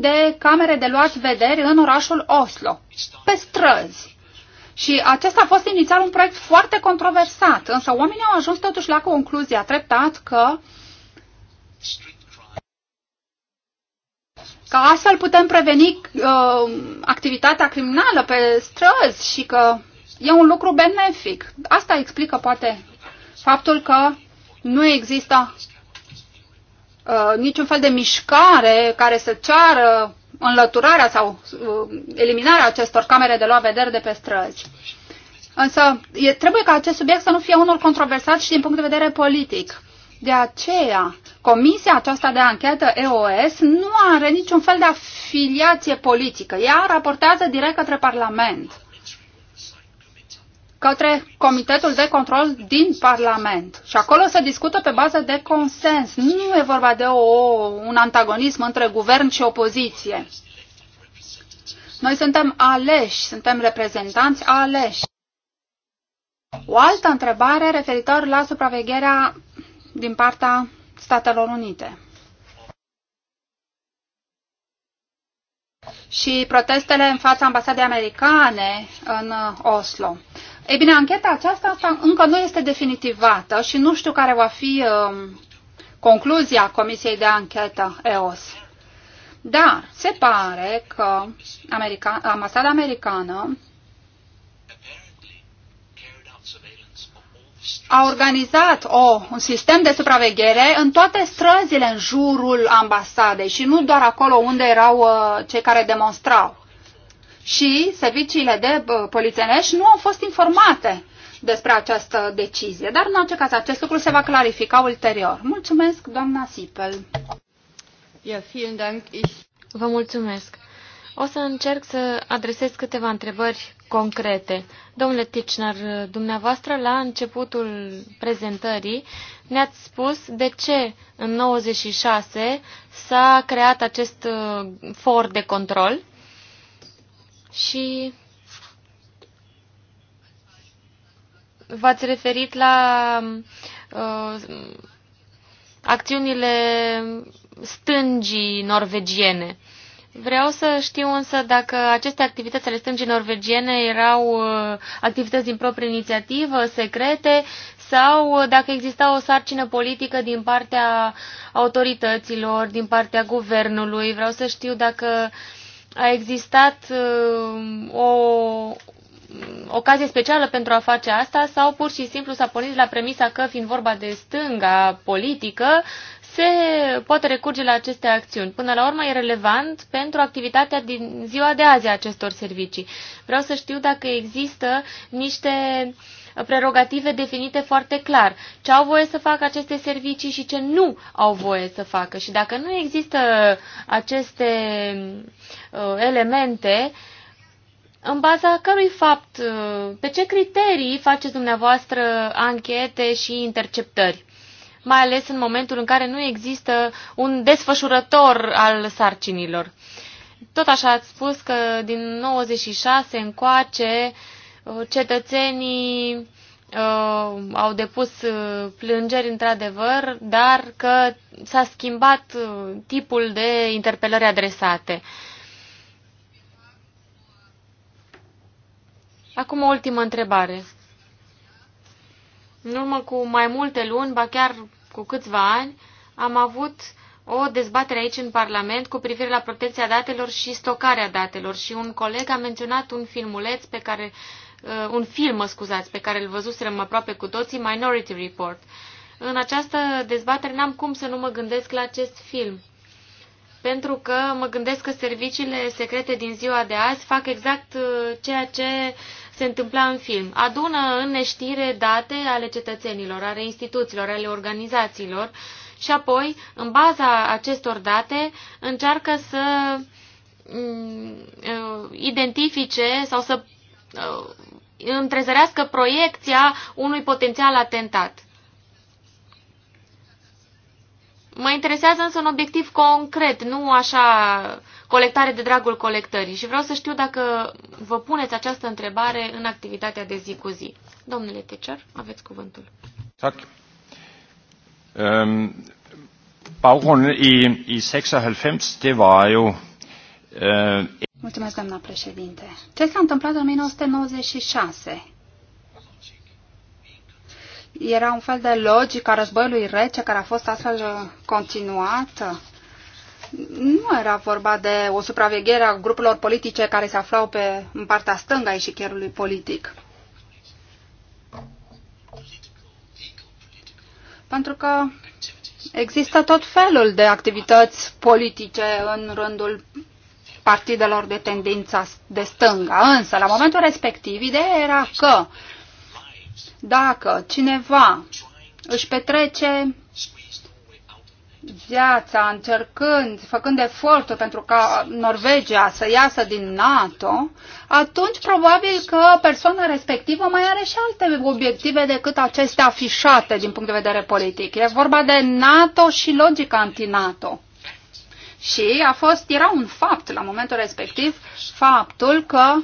[SPEAKER 4] de camere de luat vederi în orașul Oslo, pe străzi. Și acesta a fost inițial un proiect foarte controversat, însă oamenii au ajuns totuși la concluzia treptat că că astfel putem preveni uh, activitatea criminală pe străzi și că e un lucru benefic. Asta explică poate faptul că nu există uh, niciun fel de mișcare care să ceară înlăturarea sau uh, eliminarea acestor camere de luat vedere de pe străzi. Însă e, trebuie ca acest subiect să nu fie unul controversat și din punct de vedere politic. De aceea, comisia aceasta de anchetă EOS nu are niciun fel de afiliație politică. Ea raportează direct către Parlament către Comitetul de Control din Parlament. Și acolo se discută pe bază de consens. Nu e vorba de o, un antagonism între guvern și opoziție. Noi suntem aleși, suntem reprezentanți aleși. O altă întrebare referitor la supravegherea din partea Statelor Unite. și protestele în fața ambasadei americane în Oslo. Ei bine, ancheta aceasta asta încă nu este definitivată și nu știu care va fi um, concluzia Comisiei de Anchetă EOS. Dar se pare că America, ambasada americană a organizat o, un sistem de supraveghere în toate străzile în jurul ambasadei și nu doar acolo unde erau uh, cei care demonstrau și serviciile de polițienești nu au fost informate despre această decizie. Dar, în orice caz, acest lucru se va clarifica ulterior. Mulțumesc, doamna Sipel. Ja, vielen Dank. Ich... Vă mulțumesc.
[SPEAKER 2] O să încerc să adresez câteva întrebări concrete. Domnule Tichner, dumneavoastră, la începutul prezentării, ne-ați spus de ce în 96 s-a creat acest uh, for de control și v-ați referit la uh, acțiunile stângii norvegiene. Vreau să știu însă dacă aceste activități ale stângii norvegiene erau uh, activități din proprie inițiativă, secrete, sau dacă exista o sarcină politică din partea autorităților, din partea guvernului. Vreau să știu dacă uh, a existat uh, o ocazie specială pentru a face asta sau pur și simplu s-a pornit la premisa că, fiind vorba de stânga politică, se poate recurge la aceste acțiuni. Până la urmă e relevant pentru activitatea din ziua de azi a acestor servicii. Vreau să știu dacă există niște uh, prerogative definite foarte clar. Ce au voie să facă aceste servicii și ce nu au voie să facă. Și dacă nu există aceste uh, elemente, în baza cărui fapt, uh, pe ce criterii faceți dumneavoastră anchete și interceptări? mai ales în momentul în care nu există un desfășurător al sarcinilor. Tot așa ați spus că din 96 încoace uh, Uh, cetățenii uh, au depus uh, plângeri, într-adevăr, dar că s-a schimbat uh, tipul de interpelări adresate. Acum o ultimă întrebare. În urmă cu mai multe luni, ba chiar cu câțiva ani, am avut o dezbatere aici în Parlament cu privire la protecția datelor și stocarea datelor și un coleg a menționat un filmuleț pe care uh, Uh, un film, mă scuzați, pe care îl văzusem aproape cu toții, Minority Report. În această dezbatere n-am cum să nu mă gândesc la acest film. Pentru că mă gândesc că serviciile secrete din ziua de azi fac exact uh, ceea ce se întâmpla în film. Adună în neștire date ale cetățenilor, ale instituțiilor, ale organizațiilor și apoi, în baza acestor date, încearcă să mm, uh, identifice sau să Uh, întrezărească proiecția unui potențial atentat. Mă interesează însă un obiectiv concret, nu așa colectare de dragul colectării. Și vreau să știu dacă vă puneți această întrebare în activitatea de zi cu zi. Domnule Tecer, aveți cuvântul.
[SPEAKER 1] Tak. Um, baggrunden i, i 96, det var jo... uh,
[SPEAKER 4] Mulțumesc, doamna președinte. Ce s-a întâmplat în 1996? Era un fel de logică a războiului rece care a fost astfel continuată nu era vorba de o supraveghere a grupurilor politice care se aflau pe, în partea stângă a chiarului politic. Pentru că există tot felul de activități politice în rândul partidelor de tendința de stânga. Însă, la momentul respectiv, ideea era că dacă cineva își petrece viața încercând, făcând efortul pentru ca Norvegia să iasă din NATO, atunci probabil că persoana respectivă mai are și alte obiective decât acestea afișate din punct de vedere politic. E vorba de NATO și logica anti-NATO și a fost, era un fapt la momentul respectiv faptul că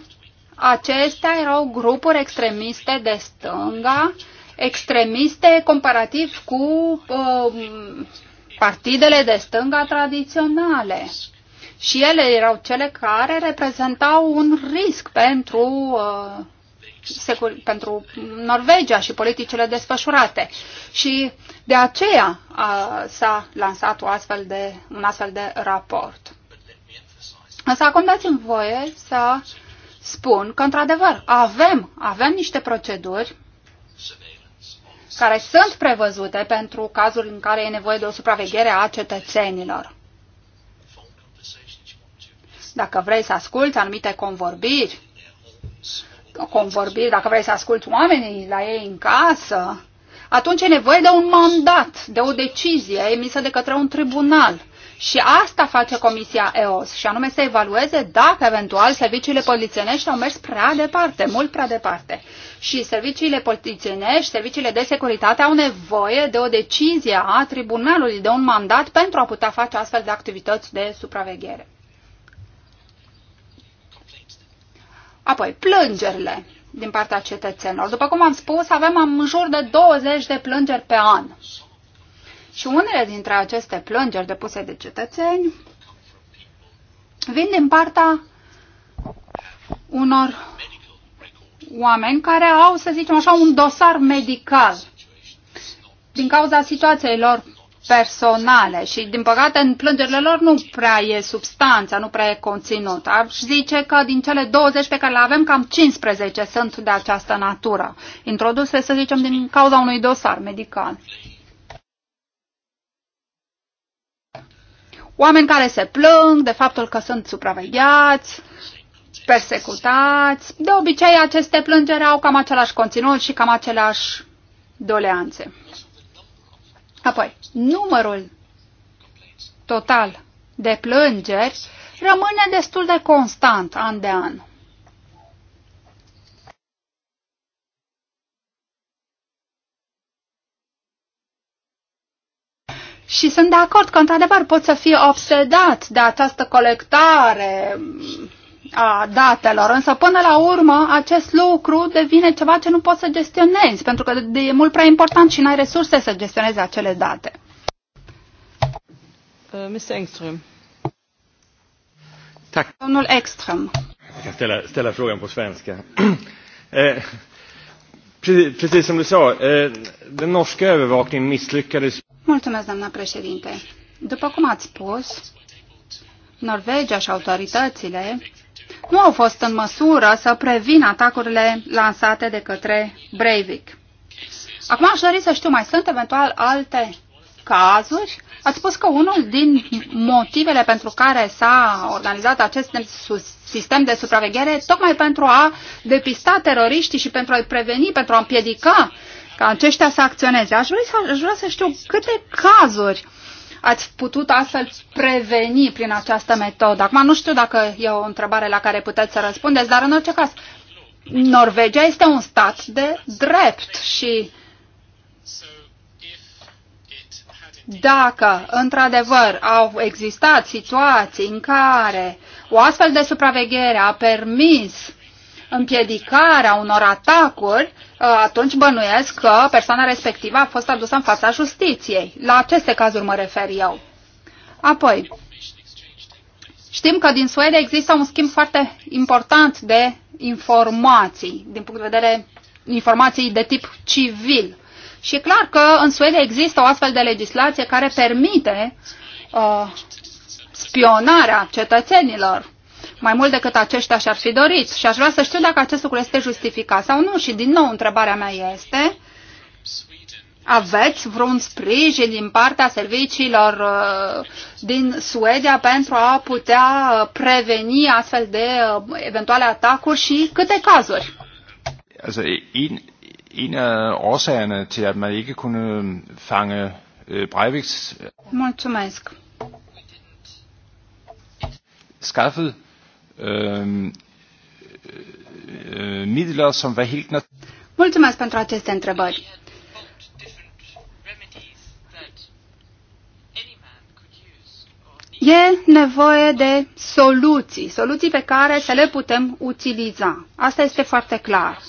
[SPEAKER 4] acestea erau grupuri extremiste de stânga, extremiste comparativ cu uh, partidele de stânga tradiționale. Și ele erau cele care reprezentau un risc pentru uh, pentru Norvegia și politicile desfășurate. Și de aceea s-a lansat o astfel de, un astfel de raport. Însă acum dați-mi voie să spun că, într-adevăr, avem, avem niște proceduri care sunt prevăzute pentru cazuri în care e nevoie de o supraveghere a cetățenilor. Dacă vrei să asculți anumite convorbiri convorbiri, dacă vrei să asculți oamenii la ei în casă, atunci e nevoie de un mandat, de o decizie emisă de către un tribunal. Și asta face Comisia EOS, și anume să evalueze dacă eventual serviciile polițienești au mers prea departe, mult prea departe. Și serviciile polițienești, serviciile de securitate au nevoie de o decizie a tribunalului, de un mandat pentru a putea face astfel de activități de supraveghere. Apoi, plângerile din partea cetățenilor. După cum am spus, avem în jur de 20 de plângeri pe an. Și unele dintre aceste plângeri depuse de cetățeni vin din partea unor oameni care au, să zicem așa, un dosar medical din cauza situației lor personale și, din păcate, în plângerile lor nu prea e substanța, nu prea e conținut. Aș zice că din cele 20 pe care le avem, cam 15 sunt de această natură, introduse, să zicem, din cauza unui dosar medical. Oameni care se plâng de faptul că sunt supravegheați, persecutați. De obicei, aceste plângeri au cam același conținut și cam aceleași doleanțe. Apoi, numărul total de plângeri rămâne destul de constant an de an. Și sunt de acord că, într-adevăr, pot să fie obsedat de această colectare a datelor, însă până la urmă acest lucru devine ceva ce nu poți să gestionezi, pentru că e mult prea important și n-ai resurse să gestionezi acele date. Uh, Mr. Engström. Tak. Domnul Ekström.
[SPEAKER 1] Jag kan ställa frågan på svenska. eh, precis, precis som du sa, eh, den norska övervakningen misslyckades.
[SPEAKER 4] Mulțumesc, doamna președinte. După cum ați spus, Norvegia și autoritățile nu au fost în măsură să prevină atacurile lansate de către Breivik. Acum aș dori să știu, mai sunt eventual alte cazuri? Ați spus că unul din motivele pentru care s-a organizat acest sistem de supraveghere, tocmai pentru a depista teroriștii și pentru a-i preveni, pentru a împiedica ca aceștia să acționeze. Aș vrea să, aș vrea să știu câte cazuri ați putut astfel preveni prin această metodă? Acum nu știu dacă e o întrebare la care puteți să răspundeți, dar în orice caz, Norvegia este un stat de drept și dacă, într-adevăr, au existat situații în care o astfel de supraveghere a permis împiedicarea unor atacuri, Uh, atunci bănuiesc că persoana respectivă a fost adusă în fața justiției. La aceste cazuri mă refer eu. Apoi, știm că din Suedia există un schimb foarte important de informații, din punct de vedere informații de tip civil. Și e clar că în Suedia există o astfel de legislație care permite uh, spionarea cetățenilor mai mult decât aceștia și-ar fi dorit. Și aș vrea să știu dacă acest lucru este justificat sau nu. Și din nou, întrebarea mea este, aveți vreun sprijin din partea serviciilor uh, din Suedia pentru a putea uh, preveni astfel de uh, eventuale atacuri și câte cazuri?
[SPEAKER 1] Altså, en, en af årsagerne til, at man ikke kunne øh, fange øh, Breiviks
[SPEAKER 4] Mulțumesc.
[SPEAKER 1] skaffet Ehm, ehm,
[SPEAKER 4] Mulțumesc pentru aceste întrebări. E nevoie de soluții, soluții pe care să le putem utiliza. Asta este foarte clar.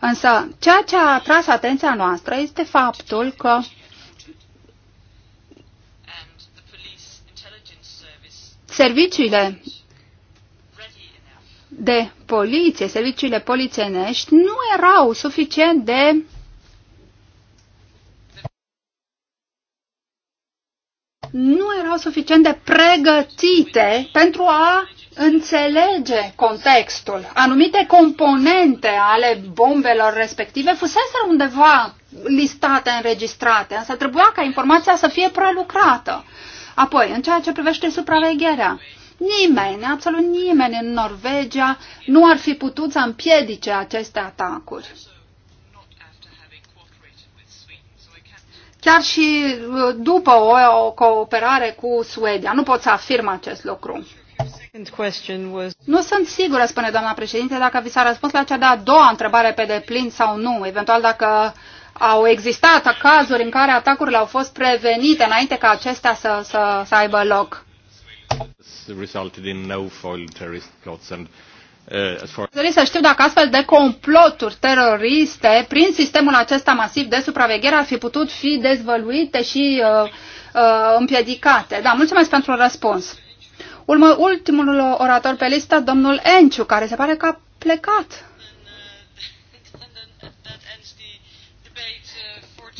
[SPEAKER 4] Însă, ceea ce a atras atenția noastră este faptul că serviciile de poliție, serviciile polițienești, nu erau suficient de nu erau suficient de pregătite pentru a înțelege contextul. Anumite componente ale bombelor respective fusese undeva listate, înregistrate, însă trebuia ca informația să fie prelucrată. Apoi, în ceea ce privește supravegherea, Nimeni, absolut nimeni în Norvegia nu ar fi putut să împiedice aceste atacuri. Chiar și uh, după o cooperare cu Suedia, nu pot să afirm acest lucru. Nu sunt sigură, spune doamna președinte, dacă vi s-a răspuns la cea de-a doua întrebare pe deplin sau nu, eventual dacă au existat cazuri în care atacurile au fost prevenite înainte ca acestea să, să, să aibă loc. Dori să știu dacă astfel de comploturi teroriste prin sistemul acesta masiv de supraveghere ar fi putut fi dezvăluite și uh, uh, împiedicate. Da, mulțumesc pentru răspuns. Urmă, ultimul orator pe listă, domnul Enciu, care se pare că a plecat.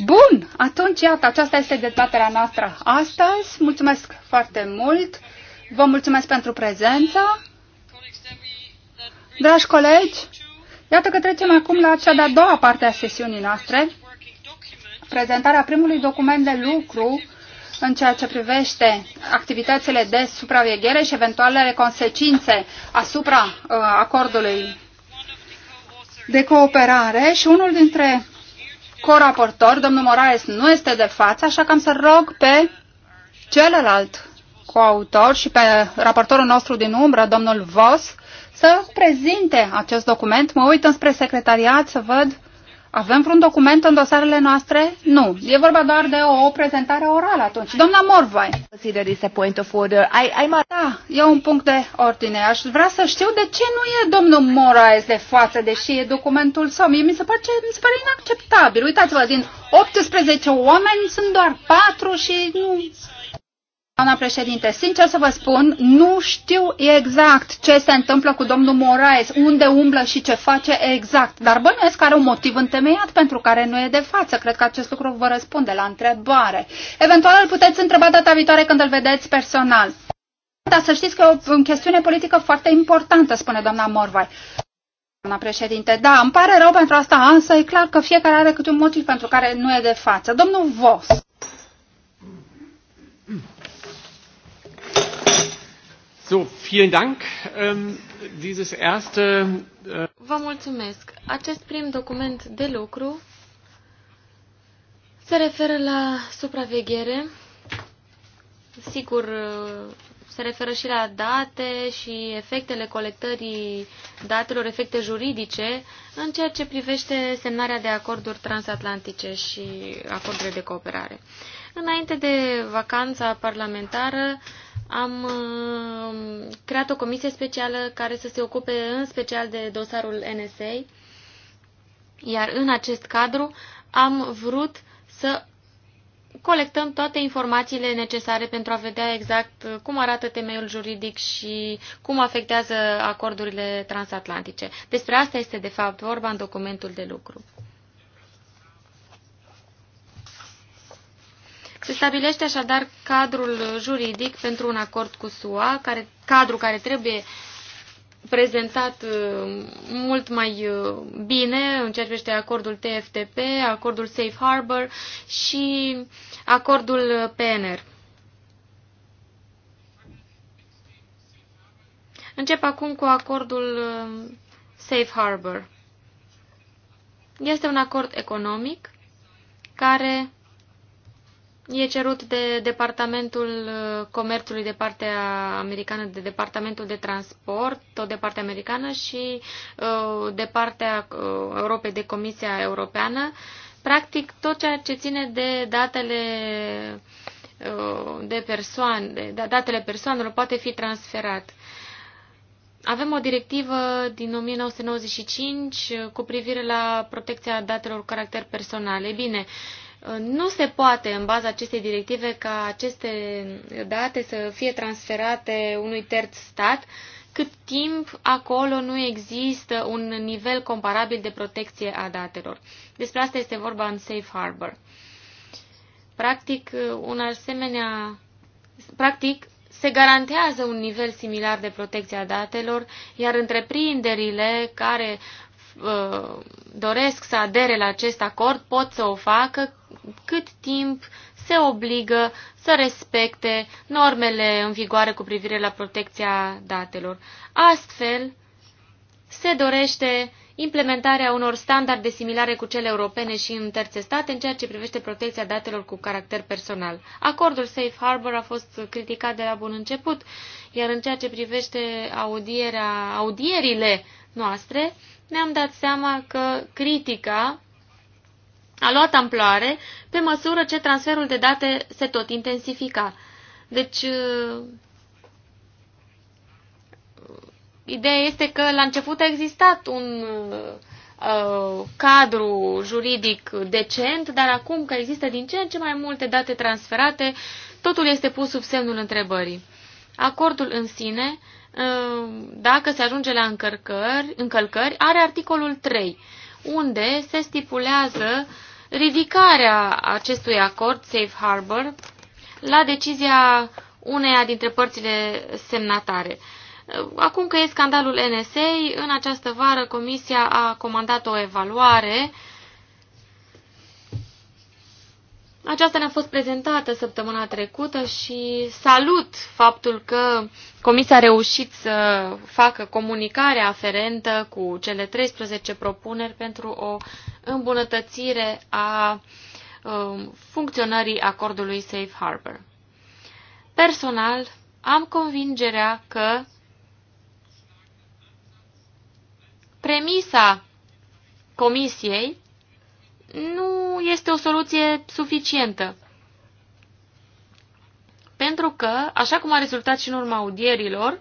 [SPEAKER 4] Bun, atunci iată, aceasta este dezbaterea noastră astăzi. Mulțumesc foarte mult. Vă mulțumesc pentru prezență. Dragi colegi, iată că trecem acum la cea de-a doua parte a sesiunii noastre, prezentarea primului document de lucru în ceea ce privește activitățile de supraveghere și eventualele consecințe asupra uh, acordului de cooperare și unul dintre coraportori, domnul Moraes, nu este de față, așa că am să rog pe celălalt coautor și pe raportorul nostru din umbră, domnul Vos, să prezinte acest document. Mă uit înspre secretariat să văd avem vreun document în dosarele noastre? Nu. E vorba doar de o, prezentare orală atunci. Doamna Morvai. Da, e un punct de ordine. Aș vrea să știu de ce nu e domnul Moraes de față, deși e documentul său. Mie mi se pare, mi se pare inacceptabil. Uitați-vă, din 18 oameni sunt doar 4 și nu Doamna președinte, sincer să vă spun, nu știu exact ce se întâmplă cu domnul Moraes, unde umblă și ce face exact, dar bănuiesc că are un motiv întemeiat pentru care nu e de față. Cred că acest lucru vă răspunde la întrebare. Eventual îl puteți întreba data viitoare când îl vedeți personal. Dar să știți că e o chestiune politică foarte importantă, spune doamna Morvai. Doamna președinte, da, îmi pare rău pentru asta, însă e clar că fiecare are câte un motiv pentru care nu e de față. Domnul Vos.
[SPEAKER 1] So, vielen Dank. Ähm, dieses erste, äh
[SPEAKER 2] Vă mulțumesc. Acest prim document de lucru se referă la supraveghere. Sigur, uh, se referă și la date și efectele colectării datelor, efecte juridice, în ceea ce privește semnarea de acorduri transatlantice și acordurile de cooperare. Înainte de vacanța parlamentară, am uh, creat o comisie specială care să se ocupe în special de dosarul NSA, iar în acest cadru am vrut să colectăm toate informațiile necesare pentru a vedea exact cum arată temeiul juridic și cum afectează acordurile transatlantice. Despre asta este, de fapt, vorba în documentul de lucru. Se stabilește așadar cadrul juridic pentru un acord cu SUA, care, cadru care trebuie prezentat uh, mult mai uh, bine în ceea ce privește acordul TFTP, acordul Safe Harbor și acordul PNR. Încep acum cu acordul uh, Safe Harbor. Este un acord economic care E cerut de Departamentul uh, Comerțului de partea americană, de Departamentul de Transport, tot de partea americană și uh, de partea uh, Europei de Comisia Europeană. Practic tot ceea ce ține de datele de persoane, da, datele persoanelor poate fi transferat. Avem o directivă din 1995 cu privire la protecția datelor cu caracter personal. E bine, nu se poate, în baza acestei directive, ca aceste date să fie transferate unui terț stat, cât timp acolo nu există un nivel comparabil de protecție a datelor. Despre asta este vorba în Safe Harbor. Practic, un asemenea, practic, se garantează un nivel similar de protecție a datelor, iar întreprinderile care uh, doresc să adere la acest acord pot să o facă cât timp se obligă să respecte normele în vigoare cu privire la protecția datelor. Astfel, se dorește implementarea unor standarde similare cu cele europene și în terțe state în ceea ce privește protecția datelor cu caracter personal. Acordul Safe Harbor a fost criticat de la bun început, iar în ceea ce privește audierea, audierile noastre, ne-am dat seama că critica a luat amploare pe măsură ce transferul de date se tot intensifica. Deci, uh, ideea este că la început a existat un uh, cadru juridic decent, dar acum că există din ce în ce mai multe date transferate, totul este pus sub semnul întrebării. Acordul în sine, uh, dacă se ajunge la încălcări are articolul 3 unde se stipulează ridicarea acestui acord, Safe Harbor, la decizia uneia dintre părțile semnatare. Acum că e scandalul NSA, în această vară Comisia a comandat o evaluare uh, Aceasta ne-a fost prezentată săptămâna trecută și salut faptul că Comisia a reușit să facă comunicarea aferentă cu cele 13 propuneri pentru o îmbunătățire a um, funcționării acordului Safe Harbor. Personal, am convingerea că premisa Comisiei nu este o soluție suficientă. Pentru că, așa cum a rezultat și în urma audierilor,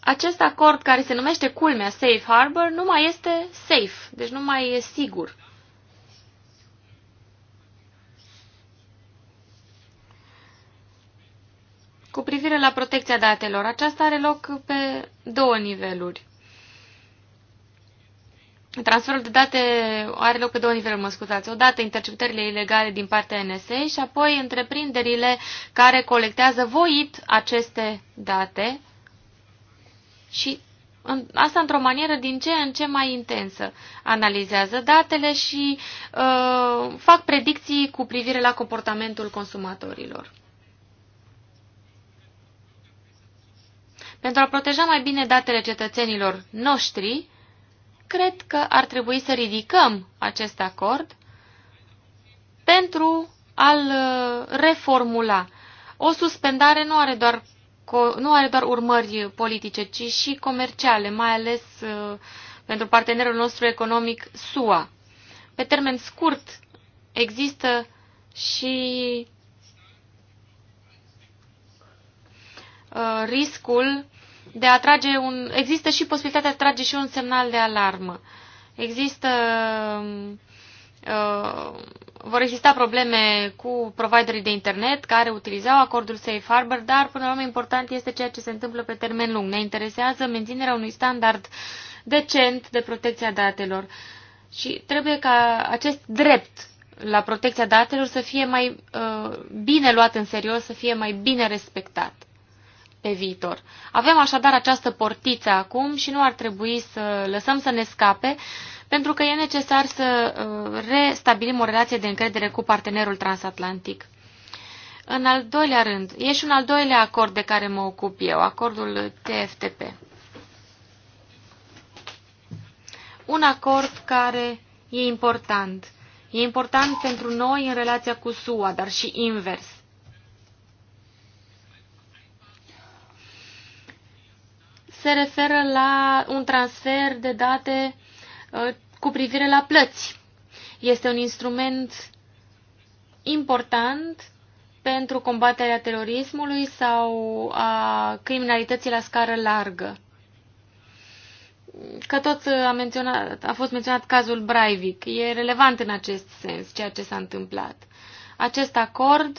[SPEAKER 2] acest acord care se numește culmea Safe Harbor nu mai este safe, deci nu mai e sigur. Cu privire la protecția datelor, aceasta are loc pe două niveluri. Transferul de date are loc pe două niveluri, mă scuzați. Odată interceptările ilegale din partea NSA și apoi întreprinderile care colectează voit aceste date și în, asta într-o manieră din ce în ce mai intensă. Analizează datele și uh, fac predicții cu privire la comportamentul consumatorilor. Pentru a proteja mai bine datele cetățenilor noștri, cred că ar trebui să ridicăm acest acord pentru a-l uh, reformula. O suspendare nu are doar nu are doar urmări politice, ci și comerciale, mai ales uh, pentru partenerul nostru economic SUA. Pe termen scurt există și Uh, riscul de a trage un... Există și posibilitatea de a trage și un semnal de alarmă. Există... Uh, vor exista probleme cu providerii de internet care utilizau acordul Safe Harbor, dar până la urmă important este ceea ce se întâmplă pe termen lung. Ne interesează menținerea unui standard decent de protecția datelor și trebuie ca acest drept la protecția datelor să fie mai uh, bine luat în serios, să fie mai bine respectat pe viitor. Avem așadar această portiță acum și nu ar trebui să lăsăm să ne scape, pentru că e necesar să uh, restabilim o relație de încredere cu partenerul transatlantic. În al doilea rând, e și un al doilea acord de care mă ocup eu, acordul TFTP. Un acord care e important. E important pentru noi în relația cu SUA, dar și invers. se referă la un transfer de date uh, cu privire la plăți. Este un instrument important pentru combaterea terorismului sau a criminalității la scară largă. Că tot a, menționat, a fost menționat cazul Breivik, e relevant în acest sens ceea ce s-a întâmplat. Acest acord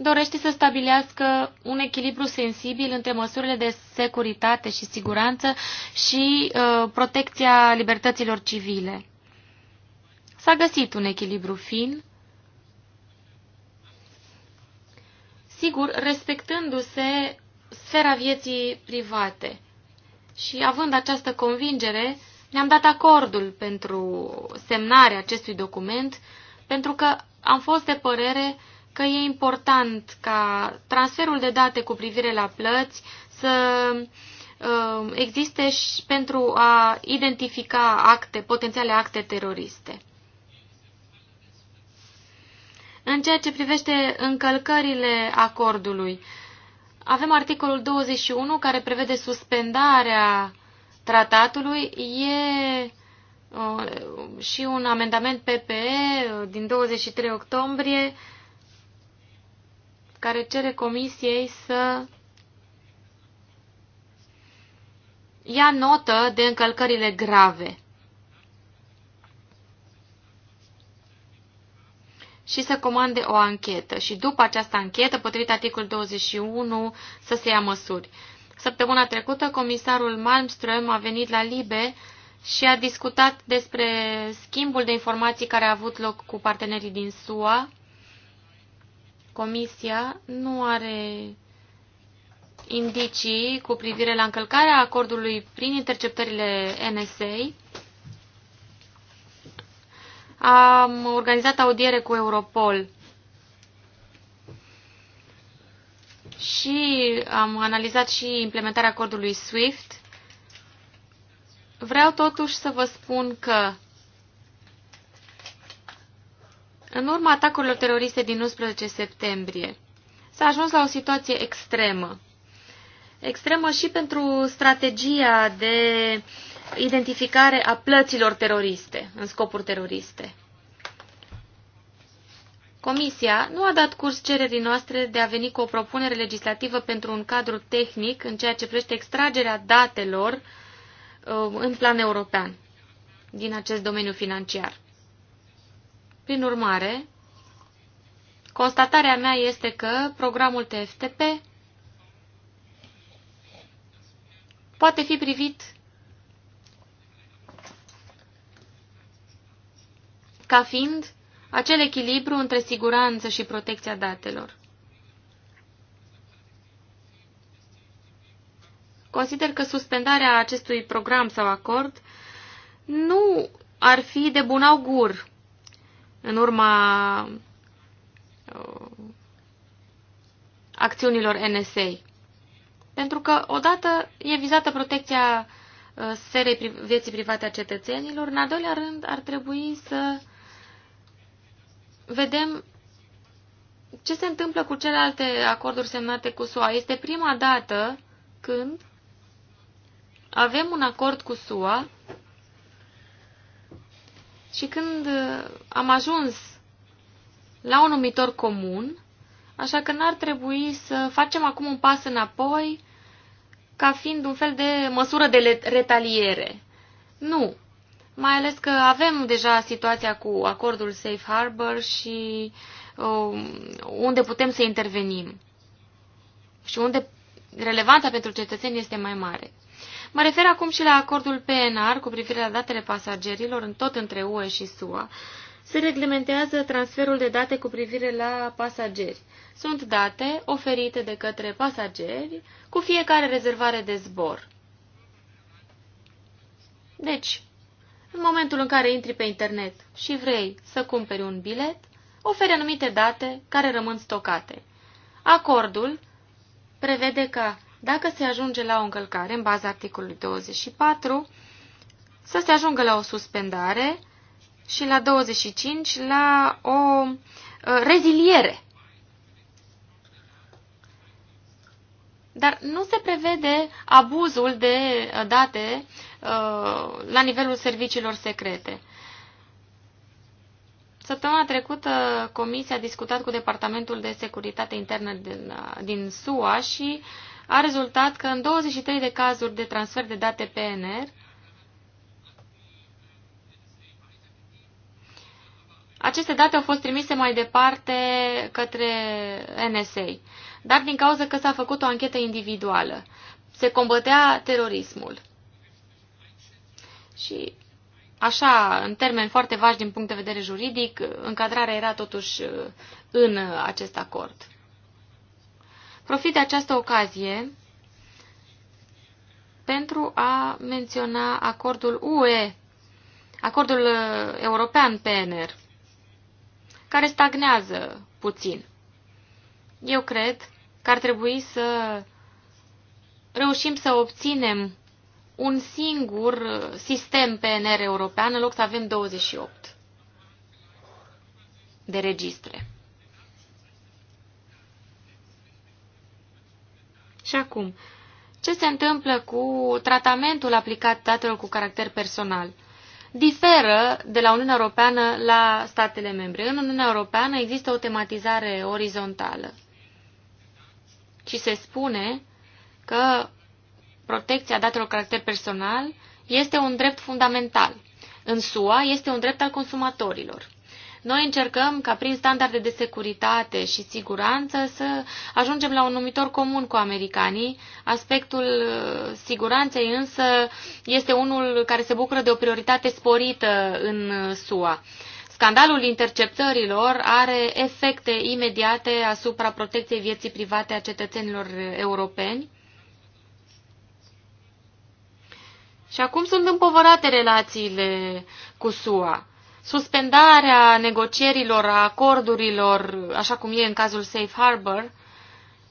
[SPEAKER 2] dorește să stabilească un echilibru sensibil între măsurile de securitate și siguranță și uh, protecția libertăților civile. S-a găsit un echilibru fin, sigur, respectându-se sfera vieții private. Și având această convingere, ne-am dat acordul pentru semnarea acestui document, pentru că am fost de părere că e important ca transferul de date cu privire la plăți să um, existe și pentru a identifica acte, potențiale acte teroriste. În ceea ce privește încălcările acordului, avem articolul 21 care prevede suspendarea tratatului. E uh, și un amendament PPE uh, din 23 octombrie care cere comisiei să ia notă de încălcările grave și să comande o anchetă. Și după această anchetă, potrivit articolul 21, să se ia măsuri. Săptămâna trecută, comisarul Malmström a venit la Libe și a discutat despre schimbul de informații care a avut loc cu partenerii din SUA Comisia nu are indicii cu privire la încălcarea acordului prin interceptările NSA. Am organizat audiere cu Europol și am analizat și implementarea acordului SWIFT. Vreau totuși să vă spun că În urma atacurilor teroriste din 11 septembrie, s-a ajuns la o situație extremă. Extremă și pentru strategia de identificare a plăților teroriste, în scopuri teroriste. Comisia nu a dat curs cererii noastre de a veni cu o propunere legislativă pentru un cadru tehnic în ceea ce privește extragerea datelor uh, în plan european din acest domeniu financiar. Prin urmare, constatarea mea este că programul TFTP poate fi privit ca fiind acel echilibru între siguranță și protecția datelor. Consider că suspendarea acestui program sau acord nu ar fi de bun augur în urma uh, acțiunilor NSA. Pentru că odată e vizată protecția uh, serei vieții private a cetățenilor, în al doilea rând ar trebui să vedem ce se întâmplă cu celelalte acorduri semnate cu SUA. Este prima dată când avem un acord cu SUA și când uh, am ajuns la un numitor comun, așa că n-ar trebui să facem acum un pas înapoi ca fiind un fel de măsură de retaliere. Nu. Mai ales că avem deja situația cu acordul Safe Harbor și uh, unde putem să intervenim. Și unde relevanța pentru cetățeni este mai mare. Mă refer acum și la acordul PNR cu privire la datele pasagerilor în tot între UE și SUA. Se reglementează transferul de date cu privire la pasageri. Sunt date oferite de către pasageri cu fiecare rezervare de zbor. Deci, în momentul în care intri pe internet și vrei să cumperi un bilet, oferi anumite date care rămân stocate. Acordul prevede ca dacă se ajunge la o încălcare în baza articolului 24, să se ajungă la o suspendare și la 25 la o uh, reziliere. Dar nu se prevede abuzul de uh, date uh, la nivelul serviciilor secrete. Săptămâna trecută, Comisia a discutat cu Departamentul de Securitate Internă din, din SUA și uh, a rezultat că în 23 de cazuri de transfer de date PNR, aceste date au fost trimise mai departe către NSA, dar din cauza că s-a făcut o anchetă individuală. Se combătea terorismul. Și așa, în termen foarte vași din punct de vedere juridic, încadrarea era totuși uh, în acest acord. Profit de această ocazie pentru a menționa acordul UE, acordul uh, european PNR, care stagnează puțin. Eu cred că ar trebui să reușim să obținem un singur sistem PNR european în loc să avem 28 de registre. Și acum, ce se întâmplă cu tratamentul aplicat datelor cu caracter personal? Diferă de la Uniunea Europeană la statele membre. În Uniunea Europeană există o tematizare orizontală și se spune că protecția datelor cu caracter personal este un drept fundamental. În SUA este un drept al consumatorilor. Noi încercăm ca prin standarde de securitate și siguranță să ajungem la un numitor comun cu americanii. Aspectul uh, siguranței însă este unul care se bucură de o prioritate sporită în uh, SUA. Scandalul interceptărilor are efecte imediate asupra protecției vieții private a cetățenilor uh, europeni. Și acum sunt împovărate relațiile cu SUA. Suspendarea negocierilor, a acordurilor, așa cum e în cazul Safe Harbor,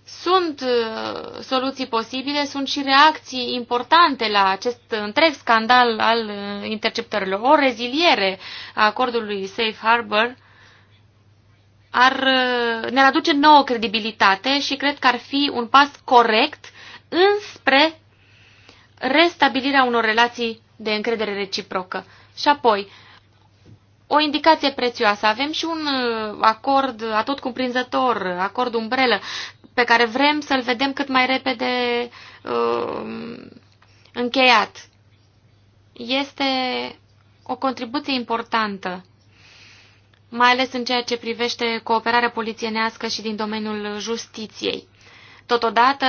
[SPEAKER 2] sunt uh, soluții posibile, sunt și reacții importante la acest întreg scandal al uh, interceptărilor. O reziliere a acordului Safe Harbor ar, uh, ne-ar aduce nouă credibilitate și cred că ar fi un pas corect înspre restabilirea unor relații de încredere reciprocă. Și apoi, o indicație prețioasă. Avem și un uh, acord atot cuprinzător, acord umbrelă, pe care vrem să-l vedem cât mai repede uh, încheiat. Este o contribuție importantă, mai ales în ceea ce privește cooperarea polițienească și din domeniul justiției. Totodată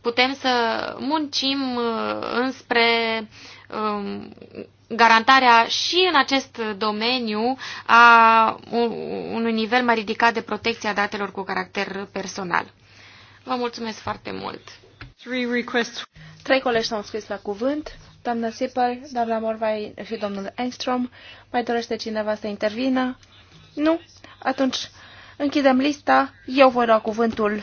[SPEAKER 2] putem să muncim uh, înspre um, garantarea și în acest domeniu a unui nivel mai ridicat de protecție a datelor cu caracter personal.
[SPEAKER 3] Vă mulțumesc foarte mult! Trei colegi s-au scris la cuvânt. Doamna Sipăr, doamna Morvai și domnul Engstrom. Mai dorește cineva să intervină? Nu? Atunci închidem lista. Eu voi lua cuvântul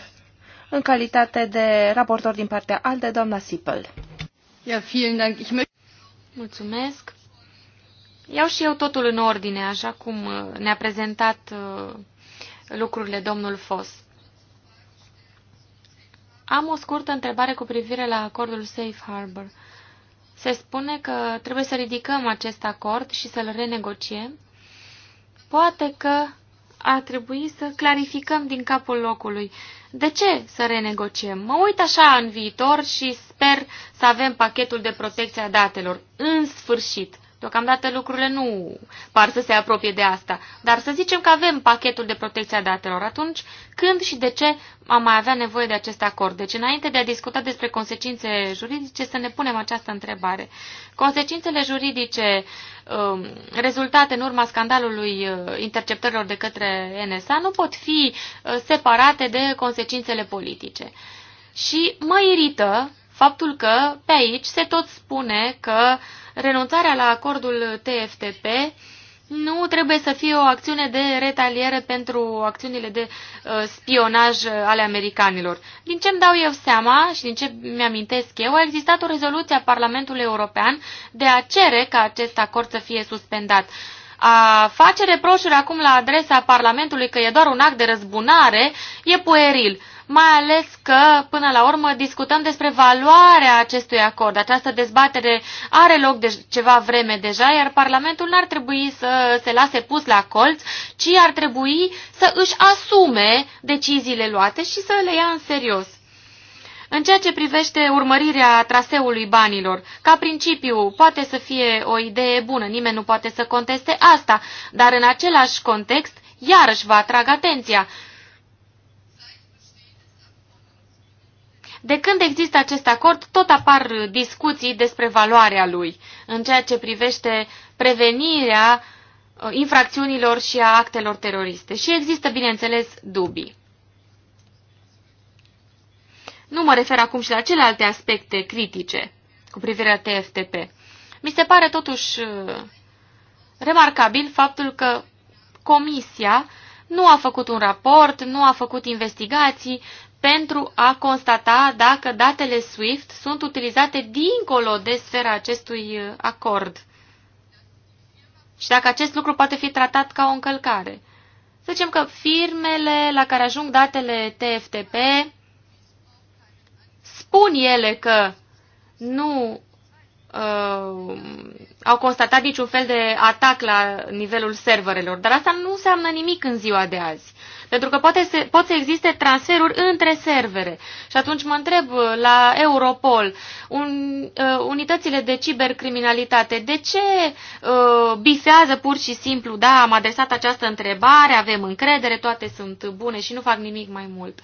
[SPEAKER 3] în calitate de raportor din partea ALDE, doamna Sipăl.
[SPEAKER 2] Mulțumesc. Iau și eu totul în ordine, așa cum uh, ne-a prezentat uh, lucrurile domnul Fos. Am o scurtă întrebare cu privire la acordul Safe Harbor. Se spune că trebuie să ridicăm acest acord și să-l renegociem. Poate că ar trebui să clarificăm din capul locului. De ce să renegociem? Mă uit așa în viitor și sper să avem pachetul de protecție a datelor. În sfârșit! Deocamdată lucrurile nu par să se apropie de asta. Dar să zicem că avem pachetul de protecție a datelor. Atunci, când și de ce am mai avea nevoie de acest acord? Deci, înainte de a discuta despre consecințe juridice, să ne punem această întrebare. Consecințele juridice um, rezultate în urma scandalului uh, interceptărilor de către NSA nu pot fi uh, separate de consecințele politice. Și mă irită faptul că pe aici se tot spune că renunțarea la acordul TFTP nu trebuie să fie o acțiune de retaliere pentru acțiunile de uh, spionaj uh, ale americanilor. Din ce îmi dau eu seama și din ce mi-amintesc eu, a existat o rezoluție a Parlamentului European de a cere ca acest acord să fie suspendat. A face reproșuri acum la adresa Parlamentului că e doar un act de răzbunare e pueril mai ales că, până la urmă, discutăm despre valoarea acestui acord. Această dezbatere are loc de ceva vreme deja, iar Parlamentul n-ar trebui să se lase pus la colț, ci ar trebui să își asume deciziile luate și să le ia în serios. În ceea ce privește urmărirea traseului banilor, ca principiu, poate să fie o idee bună, nimeni nu poate să conteste asta, dar în același context, iarăși vă atrag atenția. De când există acest acord, tot apar discuții despre valoarea lui în ceea ce privește prevenirea uh, infracțiunilor și a actelor teroriste. Și există, bineînțeles, dubii. Nu mă refer acum și la celelalte aspecte critice cu privire la TFTP. Mi se pare totuși uh, remarcabil faptul că Comisia nu a făcut un raport, nu a făcut investigații, pentru a constata dacă datele SWIFT sunt utilizate dincolo de sfera acestui uh, acord și dacă acest lucru poate fi tratat ca o încălcare. Să zicem că firmele la care ajung datele TFTP spun ele că nu uh, au constatat niciun fel de atac la nivelul serverelor, dar asta nu înseamnă nimic în ziua de azi. Pentru că poate se, pot să existe transferuri între servere. Și atunci mă întreb la Europol, un, uh, unitățile de cibercriminalitate, de ce uh, bifează pur și simplu, da, am adresat această întrebare, avem încredere, toate sunt bune și nu fac nimic mai mult.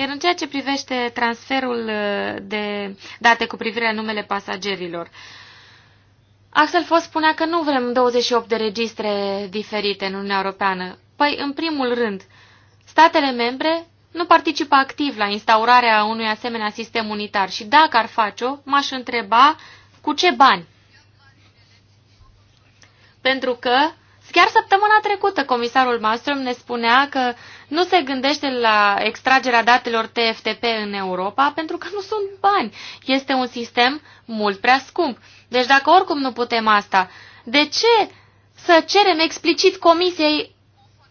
[SPEAKER 2] Iar în ceea ce privește transferul uh, de date cu privire la numele pasagerilor, uh, Axel Foss spunea că nu vrem 28 de registre diferite în Uniunea Europeană. Păi, în primul rând, statele membre nu participă activ la instaurarea unui asemenea sistem unitar și dacă ar face-o, m-aș întreba cu ce bani. Pentru că Chiar săptămâna trecută, comisarul Malmström ne spunea că nu se gândește la extragerea datelor TFTP în Europa pentru că nu sunt bani. Este un sistem mult prea scump. Deci dacă oricum nu putem asta, de ce să cerem explicit comisiei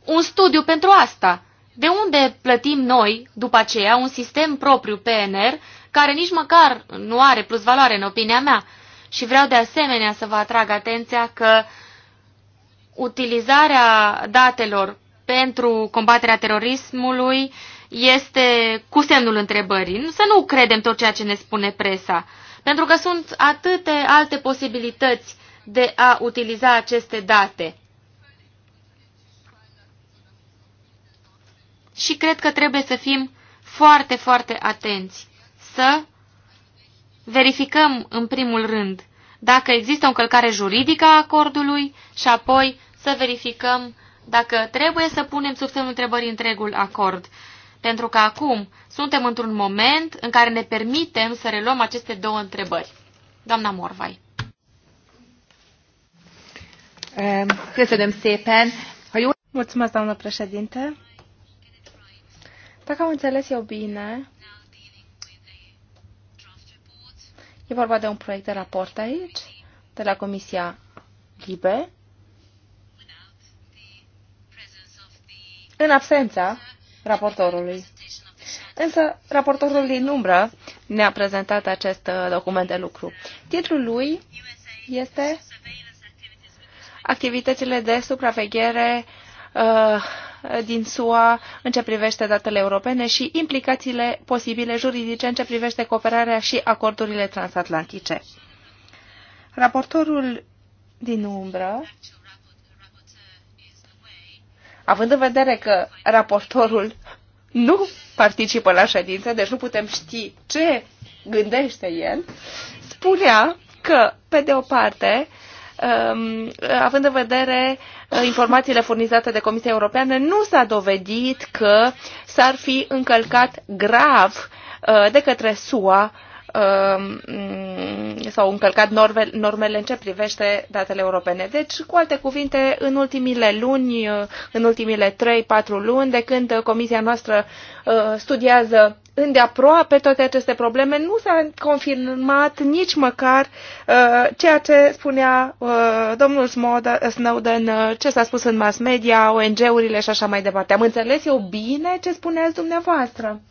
[SPEAKER 2] un studiu pentru asta? De unde plătim noi, după aceea, un sistem propriu PNR, care nici măcar nu are plus valoare în opinia mea? Și vreau de asemenea să vă atrag atenția că utilizarea datelor pentru combaterea terorismului este cu semnul întrebării. Să nu credem tot ceea ce ne spune presa. Pentru că sunt atâte alte posibilități de a utiliza aceste date. Și cred că trebuie să fim foarte, foarte atenți, să verificăm în primul rând dacă există o încălcare juridică a acordului și apoi să verificăm dacă trebuie să punem sub semnul întrebării întregul acord pentru că acum suntem într-un moment în care ne permitem să reluăm aceste două întrebări. Doamna Morvai.
[SPEAKER 3] Ehm, Mulțumesc, doamnă președinte. Dacă am înțeles eu bine, e vorba de un proiect de raport aici, de la Comisia LIBE, în absența raportorului. Însă, raportorul din umbră ne-a prezentat acest uh, document de lucru. Titlul lui este Activitățile de supraveghere uh, din SUA în ce privește datele europene și implicațiile posibile juridice în ce privește cooperarea și acordurile transatlantice. Raportorul din umbră Având în vedere că raportorul nu participă la ședință, deci nu putem ști ce gândește el, spunea că, pe de o parte, um, având în vedere uh, informațiile furnizate de Comisia Europeană, nu s-a dovedit că s-ar fi încălcat grav uh, de către SUA Um, s-au încălcat normele în ce privește datele europene. Deci, cu alte cuvinte, în ultimile luni, în ultimile 3-4 luni, de când comisia noastră uh, studiază îndeaproape toate aceste probleme, nu s-a confirmat nici măcar uh, ceea ce spunea uh, domnul Snowden, ce s-a spus în mass media, ONG-urile și așa mai departe. Am înțeles eu bine ce spuneați dumneavoastră.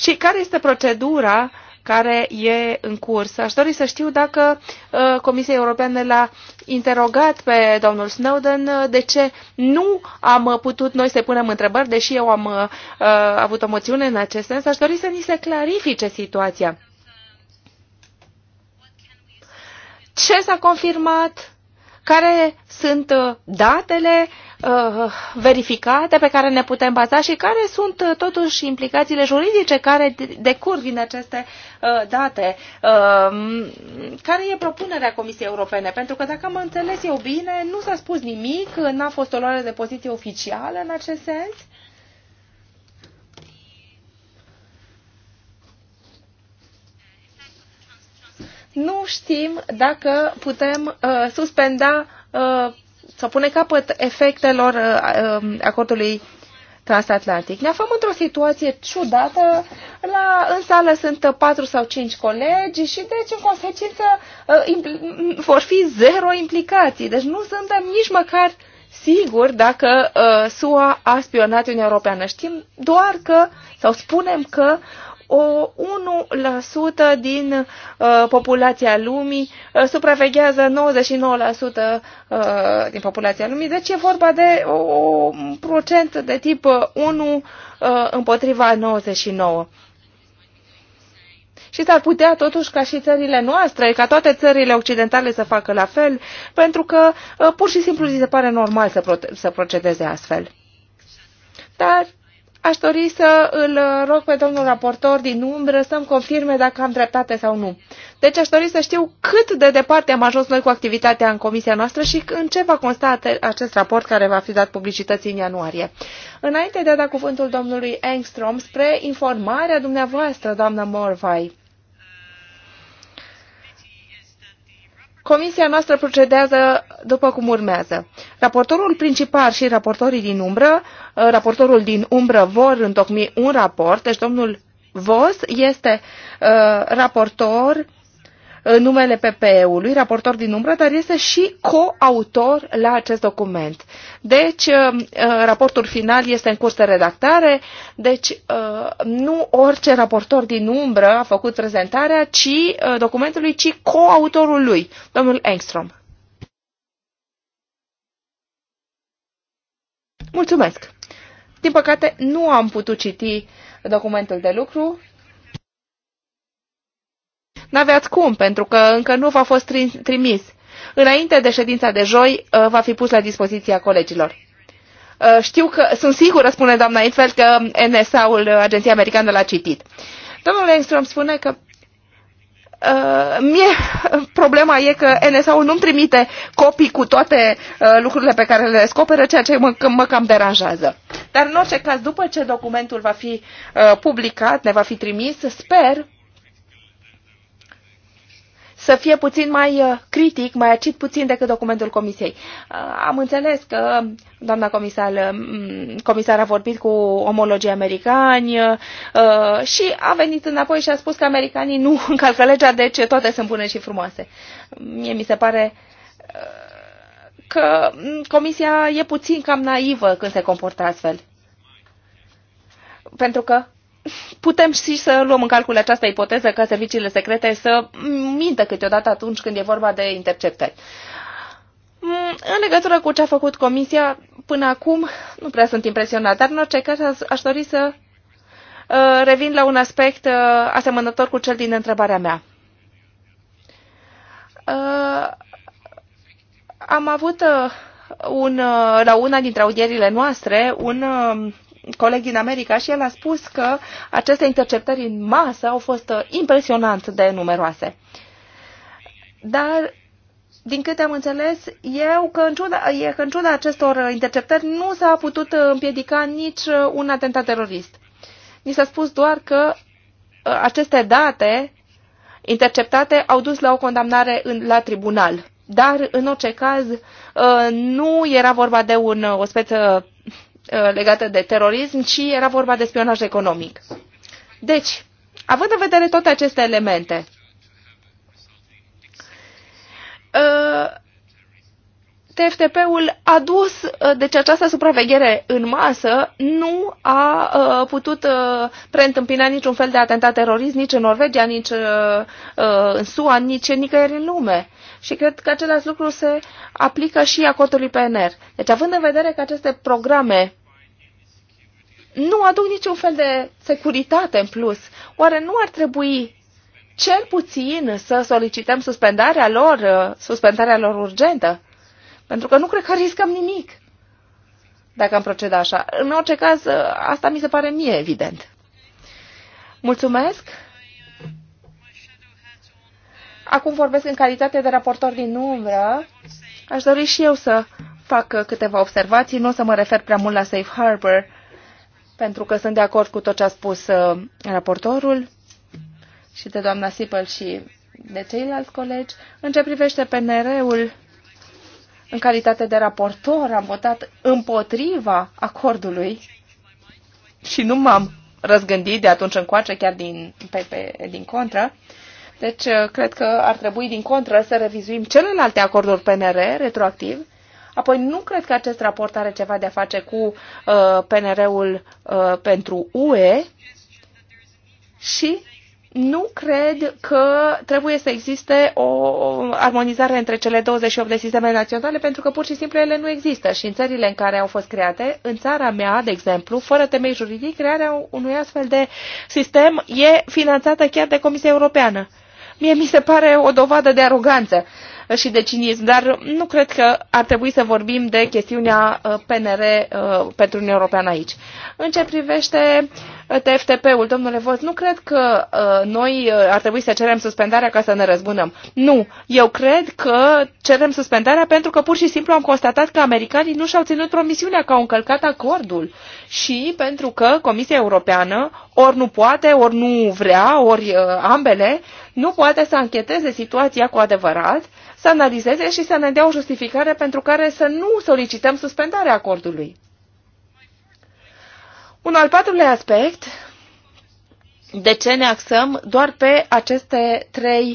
[SPEAKER 3] Și care este procedura care e în curs? Aș dori să știu dacă uh, Comisia Europeană l-a interogat pe domnul Snowden uh, de ce nu am putut noi să punem întrebări, deși eu am uh, avut o moțiune în acest sens. Aș dori să ni se clarifice situația. Ce s-a confirmat? Care sunt datele uh, Uh, verificate, pe care ne putem baza și care sunt uh, totuși implicațiile juridice care decurg din aceste uh, date. Care e propunerea Comisiei Europene? Pentru că dacă am înțeles eu bine, nu s-a spus nimic, n-a fost o luare de poziție oficială în acest sens. Nu știm dacă putem uh, suspenda uh, sau pune capăt efectelor uh, um, acordului transatlantic. Ne aflăm într-o situație ciudată. La, în sală sunt patru sau cinci colegi și deci, în consecință, uh, vor fi zero implicații. Deci nu suntem nici măcar siguri dacă uh, SUA a spionat Uniunea Europeană. Știm doar că, sau spunem că o 1% din uh, populația lumii uh, supraveghează 99% uh, din populația lumii, deci e vorba de un procent de tip 1 uh, uh, împotriva 99. Și s-ar putea totuși ca și țările noastre, ca toate țările occidentale să facă la fel, pentru că uh, pur și simplu li se pare normal să, să procedeze astfel. Dar Aș dori să îl rog pe domnul raportor din umbră să-mi confirme dacă am dreptate sau nu. Deci aș dori să știu cât de departe am ajuns noi cu activitatea în comisia noastră și în ce va consta acest raport care va fi dat publicității în ianuarie. Înainte de a da cuvântul domnului Engstrom spre informarea dumneavoastră, doamna Morvai, Comisia noastră procedează după cum urmează. Raportorul principal și raportorii din umbră, uh, raportorul din umbră vor întocmi un raport, deci domnul Vos este uh, raportor în uh, numele PPE-ului, raportor din umbră, dar este și coautor la acest document. Deci, uh, uh, raportul final este în curs de redactare, deci nu orice raportor din umbră a făcut prezentarea, ci documentului, ci coautorul lui, domnul Engstrom. Mulțumesc! Din păcate, nu am putut citi documentul de lucru, N-aveați cum, pentru că încă nu v-a fost trimis. Înainte de ședința de joi, uh, va fi pus la dispoziția colegilor. Uh, știu că, sunt sigură, spune doamna Itfeld, că NSA-ul, uh, Agenția Americană, l-a citit. Domnul Engström spune că Uh, mie problema e că NSA-ul nu-mi trimite copii cu toate uh, lucrurile pe care le descoperă, ceea ce mă, mă cam deranjează. Dar în orice caz, după ce documentul va fi uh, publicat, ne va fi trimis, sper să fie puțin mai uh, critic, mai acit puțin decât documentul Comisiei. Uh, am înțeles că uh, doamna comisar, comisar a vorbit cu omologii americani și a venit înapoi și a spus că americanii nu încalcă legea, deci toate sunt bune și frumoase. Mie mi se pare că Comisia e puțin cam naivă când se comportă astfel. Pentru că putem și să luăm în calcul această ipoteză că serviciile secrete să mintă câteodată atunci când e vorba de interceptări. Mm, în legătură cu ce a făcut Comisia până acum, nu prea sunt impresionat, dar în orice caz aș dori să uh, revin la un aspect uh, asemănător cu cel din întrebarea mea. Uh, am avut un, la una dintre audierile noastre un coleg din America și el a spus că aceste interceptări în masă au fost uh, impresionant de numeroase. Dar din câte am înțeles eu, că în ciuda, e că în ciuda acestor interceptări nu s-a putut uh, împiedica nici uh, un atentat terorist. Mi s-a spus doar că aceste date interceptate au dus la o condamnare în, la tribunal. Dar, în orice caz, nu era vorba de un speță Uh, legată de terorism, ci era vorba de spionaj economic. Deci, având în vedere toate aceste elemente, uh, TFTP-ul a dus, uh, deci această supraveghere în masă nu a uh, putut uh, preîntâmpina niciun fel de atentat terorist nici în Norvegia, nici uh, uh în SUA, nici nicăieri în lume. Și cred că același lucru se aplică și acordului PNR. Deci având în vedere că aceste programe nu aduc niciun fel de securitate în plus, oare nu ar trebui cel puțin să solicităm suspendarea lor, uh, suspendarea lor urgentă? Pentru că nu cred că riscăm nimic dacă am proceda așa. În orice caz, asta mi se pare mie evident. Mulțumesc! Acum vorbesc în calitate de raportor din umbră. Aș dori și eu să fac câteva observații. Nu o să mă refer prea mult la Safe Harbor, pentru că sunt de acord cu tot ce a spus uh, raportorul și de doamna Sipel și de ceilalți colegi. În ce privește PNR-ul, în calitate de raportor, am votat împotriva acordului și nu m-am răzgândit de atunci încoace, chiar din, pe, pe, din contră. Deci, uh, cred că ar trebui, din contră, să revizuim celelalte acorduri PNR retroactiv. Apoi, nu cred că acest raport are ceva de a face cu uh, PNR-ul uh, pentru UE și nu cred că trebuie să existe o armonizare între cele 28 de sisteme naționale, pentru că pur și simplu ele nu există. Și în țările în care au fost create, în țara mea, de exemplu, fără temei juridic, crearea unui astfel de sistem e finanțată chiar de Comisia Europeană. Mie mi se pare o dovadă de aroganță și de cinism, dar nu cred că ar trebui să vorbim de chestiunea uh, PNR uh, pentru Uniunea Europeană aici. În ce privește uh, TFTP-ul, domnule Vos, nu cred că uh, noi uh, ar trebui să cerem suspendarea ca să ne răzbunăm. Nu, eu cred că cerem suspendarea pentru că pur și simplu am constatat că americanii nu și-au ținut promisiunea, că au încălcat acordul și pentru că Comisia Europeană ori nu poate, ori nu vrea, ori uh, ambele, nu poate să încheteze situația cu adevărat, să analizeze și să ne dea o justificare pentru care să nu solicităm suspendarea acordului. Un al patrulea aspect, de ce ne axăm doar pe aceste trei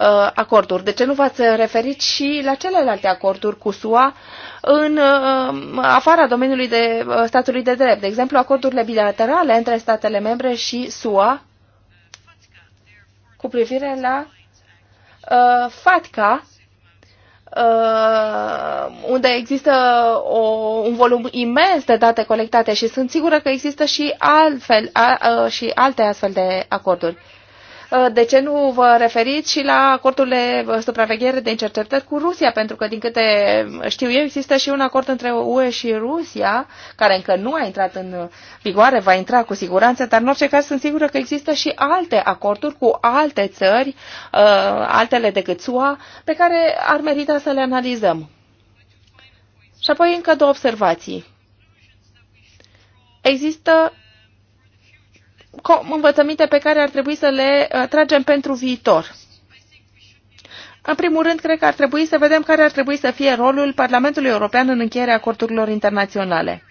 [SPEAKER 3] uh, acorduri? De ce nu v-ați referit și la celelalte acorduri cu SUA în uh, afara domeniului de uh, statului de drept? De exemplu, acordurile bilaterale între statele membre și SUA cu privire la uh, FATCA, Uh, unde există o, un volum imens de date colectate și sunt sigură că există și, altfel, a, uh, și alte astfel de acorduri. Uh, de ce nu vă referiți și la acordurile uh, supraveghere de încercetări cu Rusia? Pentru că, din câte știu eu, există și un acord între UE și Rusia, care încă nu a intrat în vigoare, va intra cu siguranță, dar în orice caz sunt sigură că există și alte acorduri cu alte țări, uh, altele decât SUA, pe care ar merita să le analizăm. Și apoi încă două observații. Există învățăminte pe care ar trebui să le uh, tragem pentru viitor. În primul rând, cred că ar trebui să vedem care ar trebui să fie rolul Parlamentului European în încheierea acordurilor internaționale.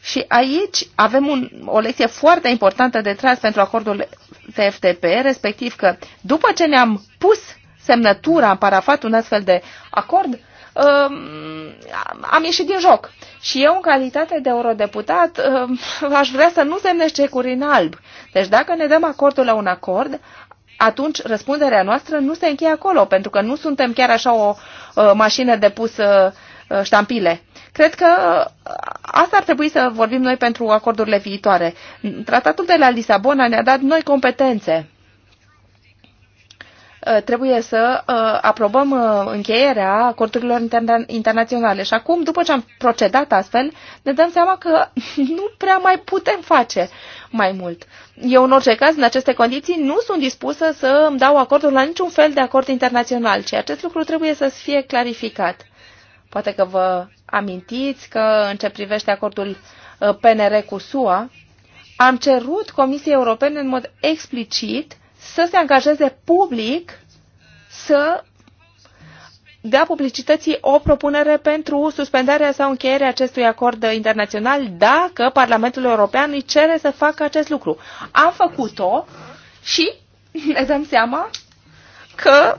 [SPEAKER 3] Și aici avem un, o lecție foarte importantă de tras pentru acordul TFTP, respectiv că după ce ne-am pus semnătura am parafat un astfel de acord, am ieșit din joc. Și eu, în calitate de eurodeputat, aș vrea să nu semnez cecuri în alb. Deci dacă ne dăm acordul la un acord, atunci răspunderea noastră nu se încheie acolo, pentru că nu suntem chiar așa o mașină de pus uh, uh, ștampile. Cred că uh, asta ar trebui să vorbim noi pentru acordurile viitoare. Tratatul de la Lisabona ne-a dat noi competențe Uh, trebuie să uh, aprobăm uh, încheierea acordurilor internaționale. Și acum, după ce am procedat astfel, ne dăm seama că nu prea mai putem face mai mult. Eu, în orice caz, în aceste condiții, nu sunt dispusă să îmi dau acordul la niciun fel de acord internațional, ci acest lucru trebuie să fie clarificat. Poate că vă amintiți că, în ce privește acordul PNR cu SUA, am cerut Comisiei Europene în mod explicit să se angajeze public să dea publicității o propunere pentru suspendarea sau încheierea acestui acord internațional dacă Parlamentul European îi cere să facă acest lucru. Am făcut-o și ne dăm seama că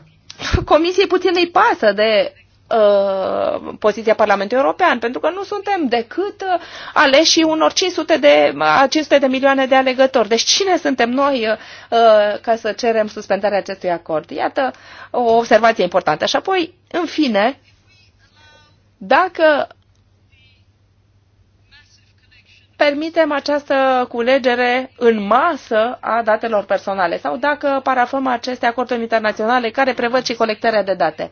[SPEAKER 3] Comisiei puțin îi pasă de Uh, poziția Parlamentului European, pentru că nu suntem decât uh, aleși unor 500 de, 500 uh, de milioane de alegători. Deci cine suntem noi ca să cerem suspendarea acestui acord? Iată o observație importantă. Și apoi, în fine, dacă permitem această culegere în masă a datelor personale sau dacă parafăm aceste acorduri internaționale care prevăd și colectarea de date.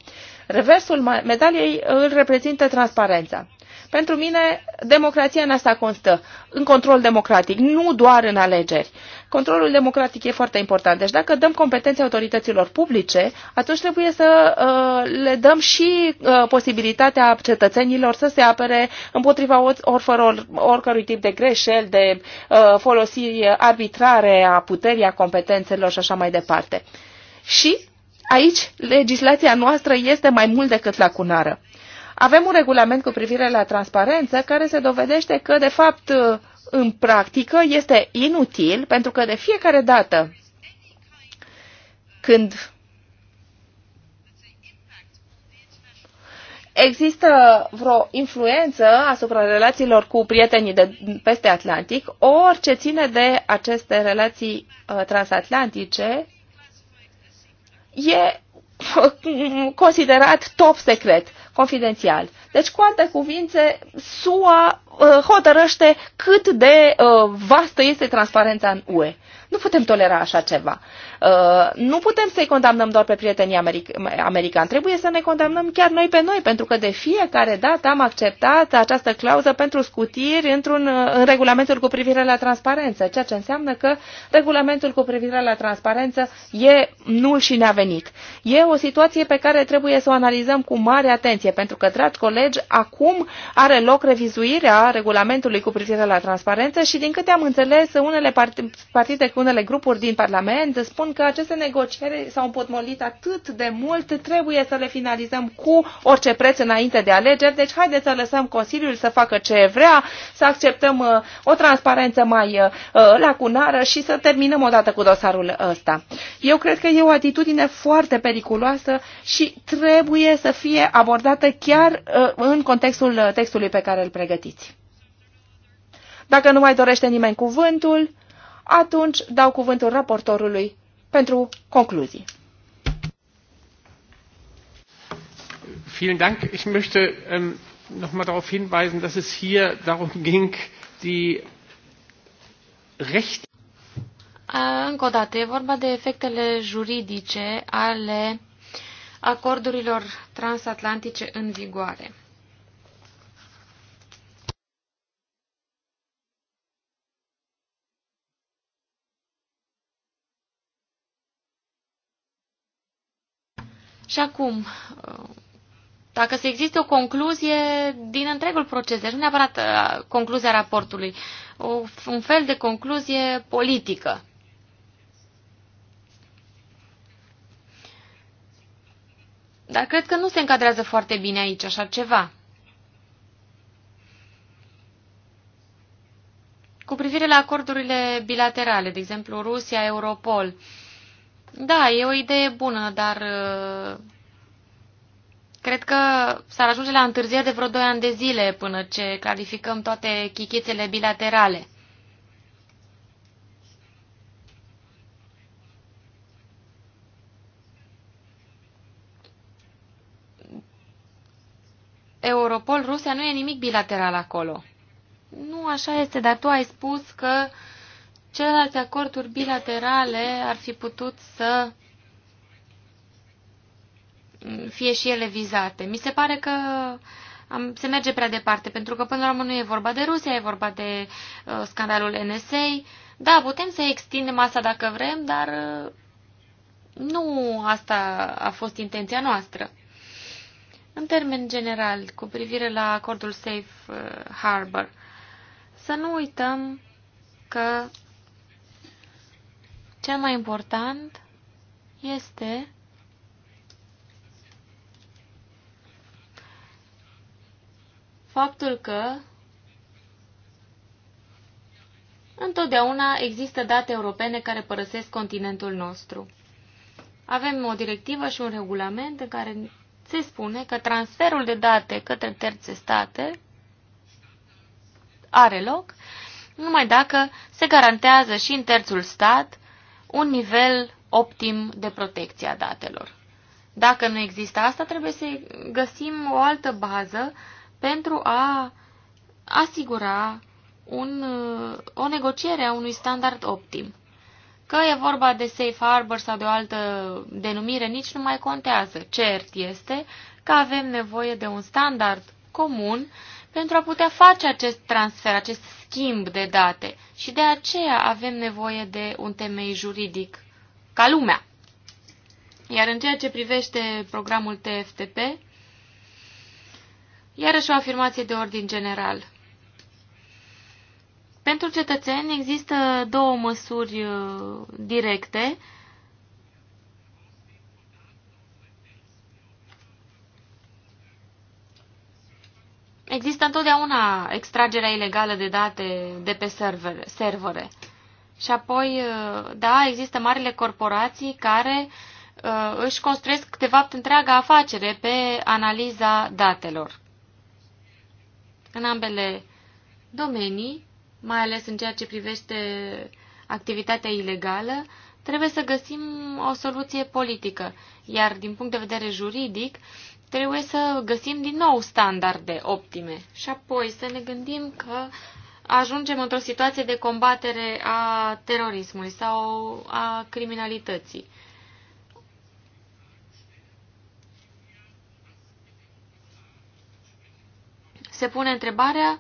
[SPEAKER 3] Reversul medaliei îl reprezintă transparența. Pentru mine, democrația în asta constă, în control democratic, nu doar în alegeri. Controlul democratic e foarte important. Deci dacă dăm competențe autorităților publice, atunci trebuie să uh, le dăm și uh, posibilitatea cetățenilor să se apere împotriva orfăror, oricărui tip de greșel de uh, folosiri arbitrare a puterii, a competențelor și așa mai departe. Și aici legislația noastră este mai mult decât lacunară. Avem un regulament cu privire la transparență care se dovedește că, de fapt, în practică este inutil pentru că de fiecare dată când există vreo influență asupra relațiilor cu prietenii de peste Atlantic, orice ține de aceste relații uh, transatlantice e considerat top secret confidențial. Deci, cu alte cuvinte, SUA uh, hotărăște cât de uh, vastă este transparența în UE. Nu putem tolera așa ceva. Uh, nu putem să-i condamnăm doar pe prietenii americani. Trebuie să ne condamnăm chiar noi pe noi, pentru că de fiecare dată am acceptat această clauză pentru scutiri într-un, în regulamentul cu privire la transparență, ceea ce înseamnă că regulamentul cu privire la transparență e nul și neavenit. E o situație pe care trebuie să o analizăm cu mare atenție, pentru că, dragi colegi, legi, acum are loc revizuirea regulamentului cu privire la transparență și din câte am înțeles, unele partide, unele grupuri din Parlament spun că aceste negocieri s-au împotmolit atât de mult, trebuie să le finalizăm cu orice preț înainte de alegeri, deci haideți să lăsăm Consiliul să facă ce vrea, să acceptăm uh, o transparență mai uh, lacunară și să terminăm odată cu dosarul ăsta. Eu cred că e o atitudine foarte periculoasă și trebuie să fie abordată chiar uh, în contextul textului pe care îl pregătiți. Dacă nu mai dorește nimeni cuvântul, atunci dau cuvântul raportorului pentru concluzii.
[SPEAKER 1] Vielen Dank. Ich möchte ähm, noch mal darauf hinweisen, dass es hier darum ging, die Rechte.
[SPEAKER 2] Încă o dată, e vorba de efectele juridice ale acordurilor transatlantice în vigoare. Și acum, dacă se existe o concluzie din întregul proces, deci nu neapărat uh, concluzia raportului, o, un fel de concluzie politică. Dar cred că nu se încadrează foarte bine aici așa ceva. Cu privire la acordurile bilaterale, de exemplu Rusia-Europol, uh, da, e o idee bună, dar uh, cred că s-ar ajunge la întârziere de vreo 2 ani de zile până ce clarificăm toate chichițele bilaterale. Europol, Rusia nu e nimic bilateral acolo. Nu așa este, dar tu ai spus că uh, Celelalte acorduri bilaterale ar fi putut să fie și ele vizate. Mi se pare că am, se merge prea departe, pentru că până la urmă nu e vorba de Rusia, e vorba de uh, scandalul NSA. Da, putem să extindem asta dacă vrem, dar uh, nu asta a fost intenția noastră. În termen general, cu privire la acordul Safe uh, Harbor, să nu uităm că cel mai important este faptul că întotdeauna există date europene care părăsesc continentul nostru. Avem o directivă și un regulament în care se spune că transferul de date către terțe state are loc numai dacă se garantează și în terțul stat un nivel optim de protecție a datelor. Dacă nu există asta, trebuie să găsim o altă bază pentru a asigura un, o negociere a unui standard optim. Că e vorba de safe harbor sau de o altă denumire, nici nu mai contează. Cert este că avem nevoie de un standard comun pentru a putea face acest transfer, acest schimb de date și de aceea avem nevoie de un temei juridic ca lumea. Iar în ceea ce privește programul TFTP, iarăși o afirmație de ordin general. Pentru cetățeni există două măsuri uh, directe Există întotdeauna extragerea ilegală de date de pe servere. servere. Și apoi, uh, da, există marile corporații care uh, își construiesc, de fapt, întreaga afacere pe analiza datelor. În ambele domenii, mai ales în ceea ce privește activitatea ilegală, trebuie să găsim o soluție politică. Iar din punct de vedere juridic, trebuie să găsim din nou standarde optime și apoi să ne gândim că ajungem într-o situație de combatere a terorismului sau a criminalității. Se pune întrebarea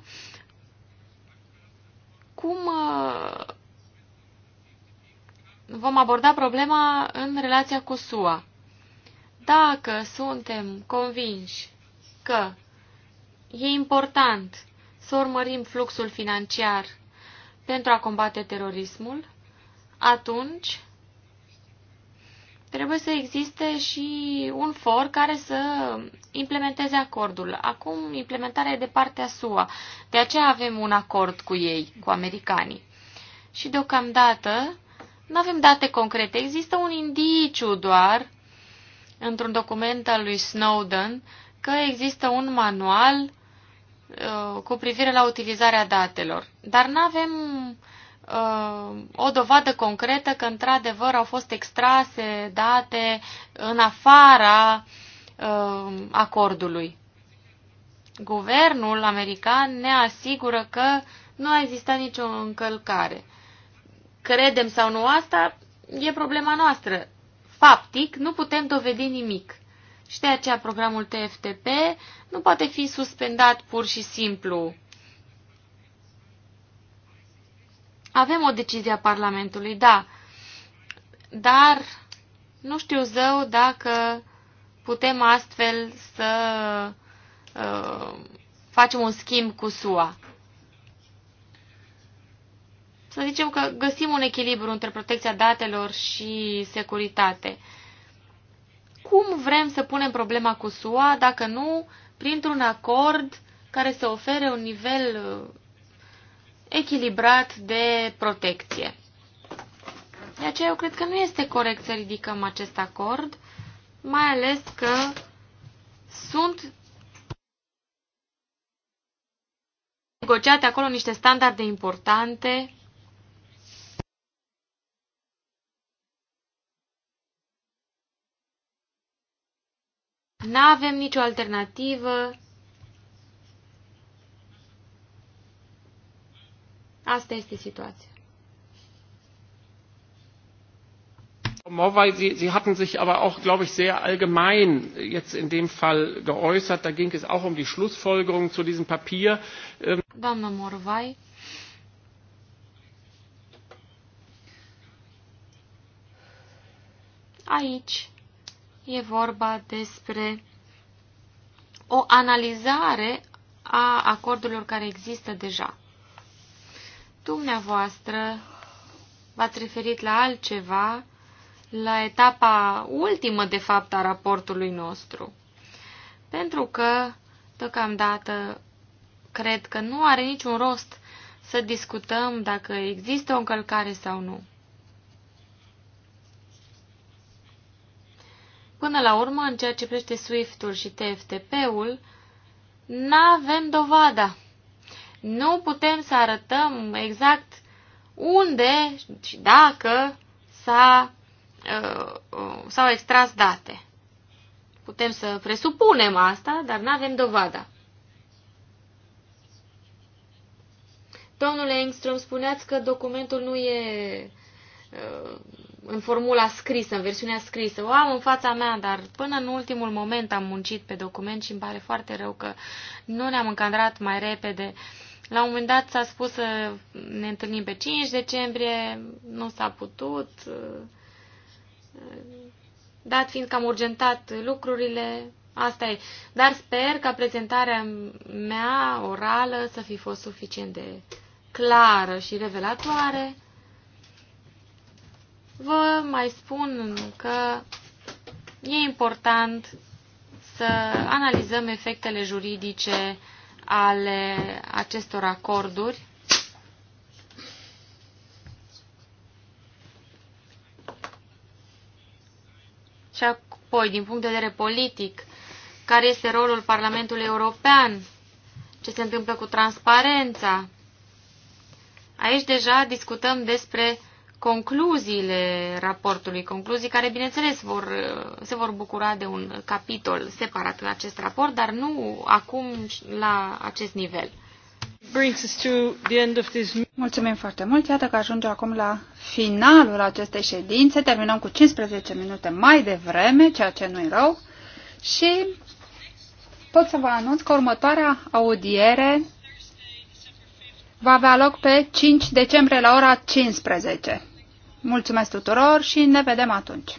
[SPEAKER 2] cum uh, vom aborda problema în relația cu SUA. Dacă suntem convinși că e important să urmărim fluxul financiar pentru a combate terorismul, atunci trebuie să existe și un for care să implementeze acordul. Acum implementarea e de partea SUA, de aceea avem un acord cu ei, cu americanii. Și deocamdată nu avem date concrete, există un indiciu doar într-un document al lui Snowden că există un manual uh, cu privire la utilizarea datelor, dar nu avem uh, o dovadă concretă că într-adevăr au fost extrase date în afara uh, acordului. Guvernul american ne asigură că nu a existat nicio încălcare. Credem sau nu asta, e problema noastră faptic nu putem dovedi nimic. Și de aceea programul TFTP nu poate fi suspendat pur și simplu. Avem o decizie a Parlamentului, da, dar nu știu zău dacă putem astfel să uh, facem un schimb cu SUA să zicem că găsim un echilibru între protecția datelor și securitate. Cum vrem să punem problema cu SUA dacă nu printr-un acord care să ofere un nivel uh, echilibrat de protecție? De aceea eu cred că nu este corect să ridicăm acest acord, mai ales că sunt negociate acolo niște standarde importante n avem nicio alternativă. Asta este situația.
[SPEAKER 1] Morvay, Sie, Sie hatten sich aber auch, glaube ich, sehr allgemein jetzt in dem Fall geäußert. Da ging es auch um die Schlussfolgerung zu diesem Papier. Ähm,
[SPEAKER 2] Doamna Morvai. Aici e vorba despre o analizare a acordurilor care există deja. Dumneavoastră v-ați referit la altceva, la etapa ultimă, de fapt, a raportului nostru. Pentru că, deocamdată, cred că nu are niciun rost să discutăm dacă există o încălcare sau nu. Până la urmă, în ceea ce privește SWIFT-ul și TFTP-ul, n-avem dovada. Nu putem să arătăm exact unde și dacă s au uh, uh extras date. Putem să presupunem asta, dar nu avem dovada. Domnule Engström, spuneați că documentul nu e uh, în formula scrisă, în versiunea scrisă. O am în fața mea, dar până în ultimul moment am muncit pe document și îmi pare foarte rău că nu ne-am încadrat mai repede. La un moment dat s-a spus să ne întâlnim pe 5 decembrie, nu s-a putut, dat fiind că am urgentat lucrurile, asta e. Dar sper ca prezentarea mea orală să fi fost suficient de clară și revelatoare. Vă mai spun că e important să analizăm efectele juridice ale acestor acorduri și apoi, din punct de vedere politic, care este rolul Parlamentului European, ce se întâmplă cu transparența. Aici deja discutăm despre concluziile raportului, concluzii care, bineînțeles, vor, se vor bucura de un capitol separat în acest raport, dar nu acum la acest nivel.
[SPEAKER 4] Mulțumim foarte mult. Iată că ajungem acum la finalul acestei ședințe. Terminăm cu 15 minute mai devreme, ceea ce nu-i rău. Și pot să vă anunț că următoarea audiere va avea loc pe 5 decembrie la ora 15. Mulțumesc tuturor și ne vedem atunci.